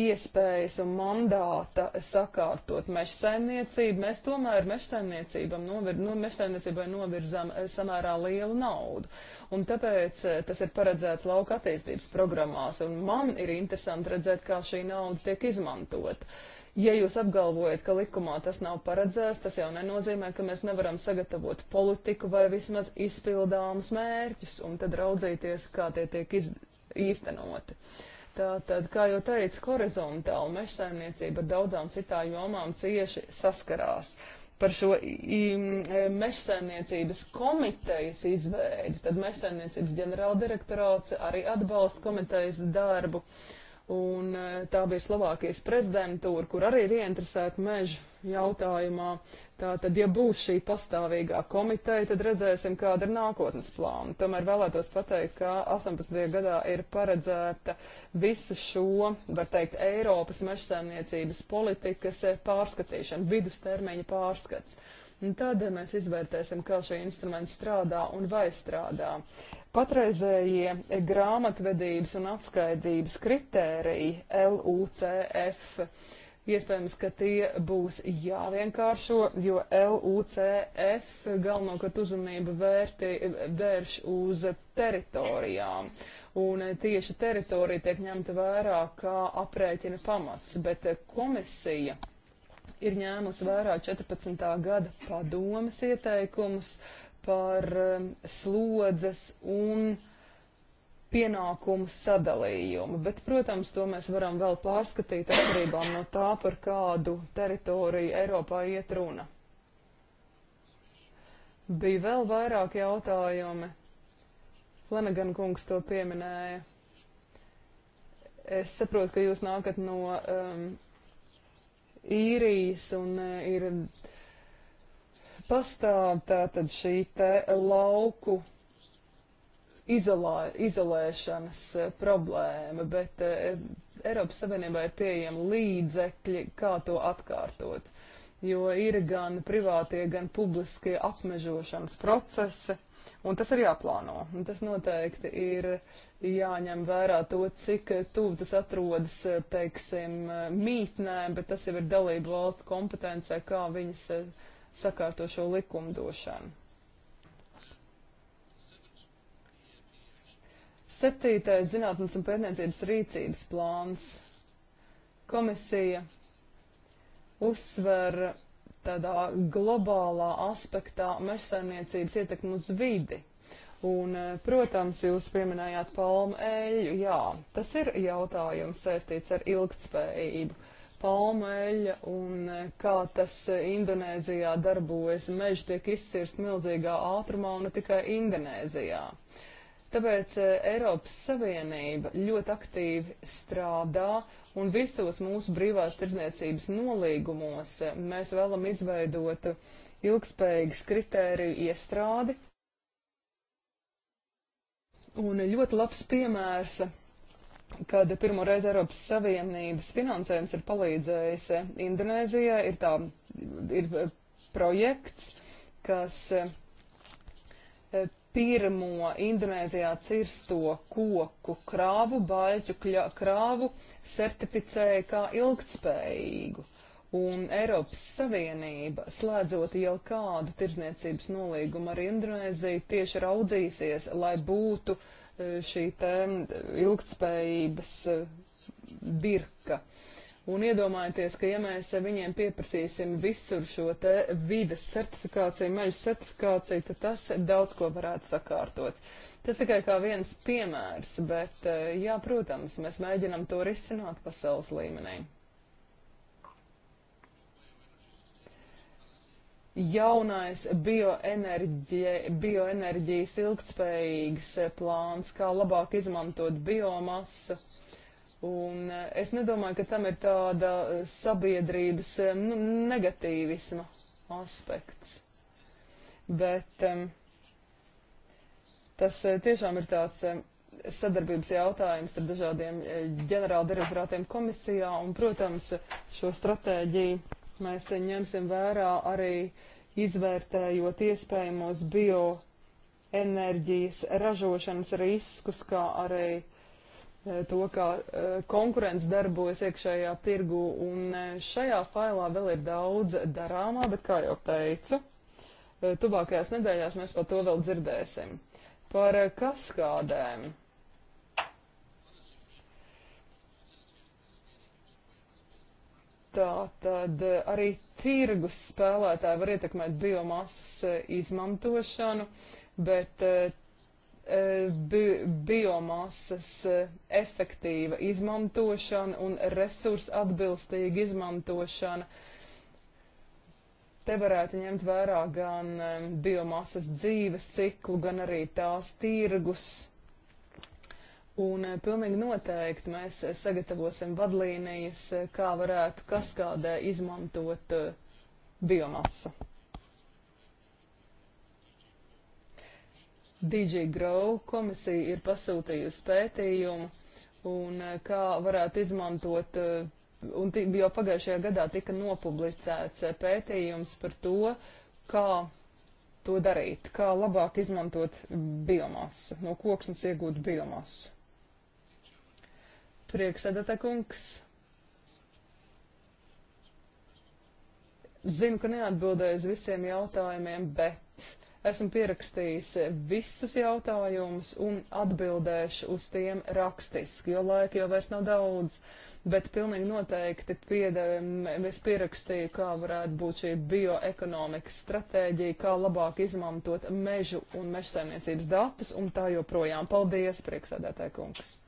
iespējas un mandāta sakārtot meža saimniecību, mēs tomēr meža saimniecībam novir, no nu, meža saimniecībai novirzam e, samērā lielu naudu. Un tāpēc tas ir paredzēts lauka attīstības programmās, un man ir interesanti redzēt, kā šī nauda tiek izmantota. Uh, Ja jūs apgalvojat, ka likumā tas nav paredzēts, tas jau nenozīmē, ka mēs nevaram sagatavot politiku vai vismaz izpildāmus mērķus un tad raudzīties, kā tie tiek iz, īstenoti. Tātad, kā jau teicu, horizontāli meža saimniecība ar daudzām citām jomām cieši saskarās. Par šo e, meža saimniecības komitejas izveidi, tad meža saimniecības ģenerāldirektorāts arī atbalsta komitejas darbu. Uh, Un e, tā bija Slovākijas prezidentūra, kur arī ir ieinteresēta meža jautājumā. Tātad, ja būs šī pastāvīgā komiteja, tad redzēsim, kāda ir nākotnes plāna. Tomēr vēlētos pateikt, ka 18. gadā ir paredzēta visu šo, var teikt, Eiropas mežsēmniecības politikas pārskatīšana, vidustermiņa pārskats. Un tad mēs izvērtēsim, kā šī instrumenta strādā un vai strādā. Uh, Patreizējie grāmatvedības un atskaidības kritēriji LUCF iespējams, ka tie būs jāvienkāršo, jo LUCF galvenokārt uzmanību vērti, vērš uz teritorijām. Un tieši teritorija tiek ņemta vērā kā aprēķina pamats, bet komisija ir ņēmusi vērā 14. gada padomas ieteikumus, par um, slodzes un pienākumu sadalījumu, bet, protams, to mēs varam vēl pārskatīt atkarībā no tā, par kādu teritoriju Eiropā iet runa. Bija vēl vairāk jautājumi. Lenegan kungs to pieminēja. Es saprotu, ka jūs nākat no um, īrijas un uh, ir. Uh, pastāv tātad šī te lauku izolā, izolēšanas eh, problēma, bet eh, Eiropas Savienībā ir pieejami līdzekļi, kā to atkārtot, jo ir gan privātie, gan publiskie apmežošanas procesi, un tas ir jāplāno. Un tas noteikti ir jāņem vērā to, cik tuvu tas atrodas, eh, teiksim, mītnēm, bet tas jau ir dalību valstu kompetencē, kā viņas sakārto šo likumdošanu. Septītais zinātnes un pētniecības rīcības plāns. Komisija uzsver tādā globālā aspektā mežsaimniecības ietekmu uz vidi. Un, eh, protams, jūs pieminējāt palmu eļu. Jā, tas ir jautājums saistīts ar ilgtspējību palmeļa un e, kā tas e, Indonēzijā darbojas. Meži tiek izsirst milzīgā ātrumā un ne tikai Indonēzijā. Tāpēc e, Eiropas Savienība ļoti aktīvi strādā un visos mūsu brīvās tirdzniecības nolīgumos mēs vēlam izveidot ilgspējīgas kritēriju iestrādi. Un ļoti labs piemērs kad pirmo reizi Eiropas Savienības finansējums ir palīdzējis Indonēzijai, ir tā, ir eh, projekts, kas eh, pirmo Indonēzijā cirsto koku krāvu, baļķu krāvu certificēja kā ilgtspējīgu. Un Eiropas Savienība, slēdzot jau kādu tirzniecības nolīgumu ar Indonēziju, tieši raudzīsies, lai būtu uh, E, šī tēma ilgtspējības e, birka. Un iedomājieties, ka ja mēs viņiem pieprasīsim visur šo te vides certifikāciju, mežu certifikāciju, tad tas daudz ko varētu sakārtot. Tas tikai kā viens piemērs, bet e, jā, protams, mēs mēģinam to risināt pasaules līmenī. jaunais bioenerģijas bio ilgtspējīgs eh, plāns, kā labāk izmantot biomasu. Un eh, es nedomāju, ka tam ir tāda eh, sabiedrības nu, negatīvisma aspekts. Bet um, tas tiešām ir tāds um, sadarbības jautājums ar dažādiem ģenerāldirektorātiem komisijā un, protams, šo stratēģiju mēs ņemsim vērā arī izvērtējot iespējamos bioenerģijas ražošanas riskus, kā arī e, to, kā e, konkurence darbojas iekšējā tirgu. Un e, šajā failā vēl ir daudz darāmā, bet, kā jau teicu, tuvākajās nedēļās mēs par to vēl dzirdēsim. Par kaskādēm. Tā tad arī tirgus spēlētāji var ietekmēt biomasas eh, izmantošanu, bet eh, eh, bi biomasas efektīva izmantošana un resursu atbilstīga izmantošana. Te varētu ņemt vērā gan biomasas dzīves ciklu, gan arī tās tirgus Un eh, pilnīgi noteikti mēs eh, sagatavosim vadlīnijas, eh, kā varētu kaskādē izmantot biomasu. DG Grow komisija ir pasūtījusi pētījumu, un kā varētu izmantot, un jau pagājušajā gadā tika nopublicēts pētījums par to, kā to darīt, kā labāk izmantot biomasu, no koksnes iegūt biomasu. Priekšsēdētā kungs. Zinu, ka neatbildēju uz visiem jautājumiem, bet esmu pierakstījis visus jautājumus un atbildēšu uz tiem rakstiski, jo laika jau vairs nav daudz. Bet pilnīgi noteikti piedēm, es pierakstīju, kā varētu būt šī bioekonomikas stratēģija, kā labāk izmantot mežu un mežsaimniecības datus un tā joprojām. Paldies, priekšsēdētāji kungs!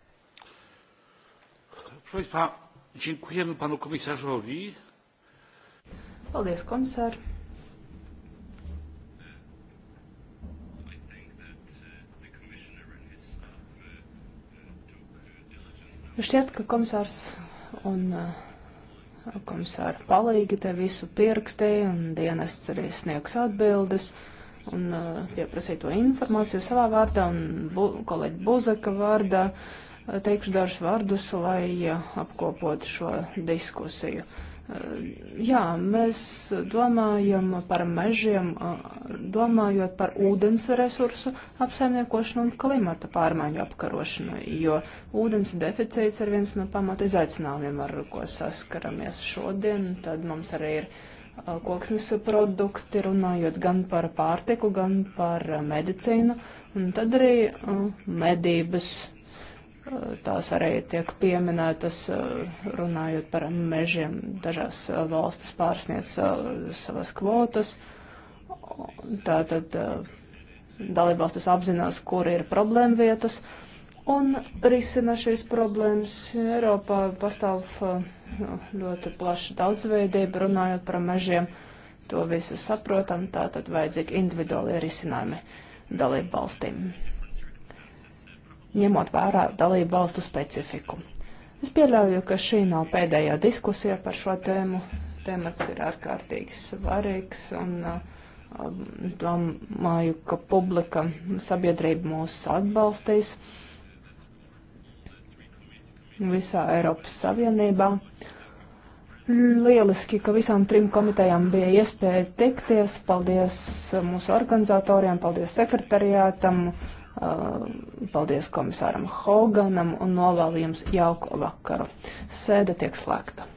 Proszę Państwa, dziękujemy Panu Komisarzowi. Paldies, komisār. Šķiet, ka komisārs un uh, komisāra palīgi te visu pierakstīja un dienests arī sniegs atbildes un uh, pieprasīja to informāciju savā vārdā un bu, kolēģi Buzeka vārdā. Uh, teikšu dažus vārdus, lai eh, apkopotu šo diskusiju. Eh, jā, mēs domājam par mežiem, eh, domājot par ūdens resursu apsaimniekošanu un klimata pārmaiņu apkarošanu, jo ūdens deficīts ir viens no pamata izaicinājumiem, ar ko saskaramies šodien. Tad mums arī ir koksnes produkti, runājot gan par pārtiku, gan par medicīnu, un tad arī medības Tās arī tiek pieminētas, eh, runājot par mežiem. Dažās eh, valstis pārsniedz eh, savas kvotas. Tātad dalībvalstis apzinās, kur ir problēma vietas un risina šīs problēmas. Eiropā pastāv ļoti plaša daudzveidība, runājot par mežiem. To visu saprotam, tātad vajadzīgi individuāli risinājumi dalībvalstīm ņemot vērā dalību valstu specifiku. Es pieļauju, ka šī nav pēdējā diskusija par šo tēmu. Temats ir ārkārtīgi svarīgs un um, domāju, ka publika sabiedrība mūs atbalstīs visā Eiropas Savienībā. Lieliski, ka visām trim komitejām bija iespēja tikties. Paldies uh, mūsu organizatoriem, paldies sekretariātam. Uh, Uh, paldies komisāram Hoganam un novēlu jums jauku vakaru. Sēde tiek slēgta.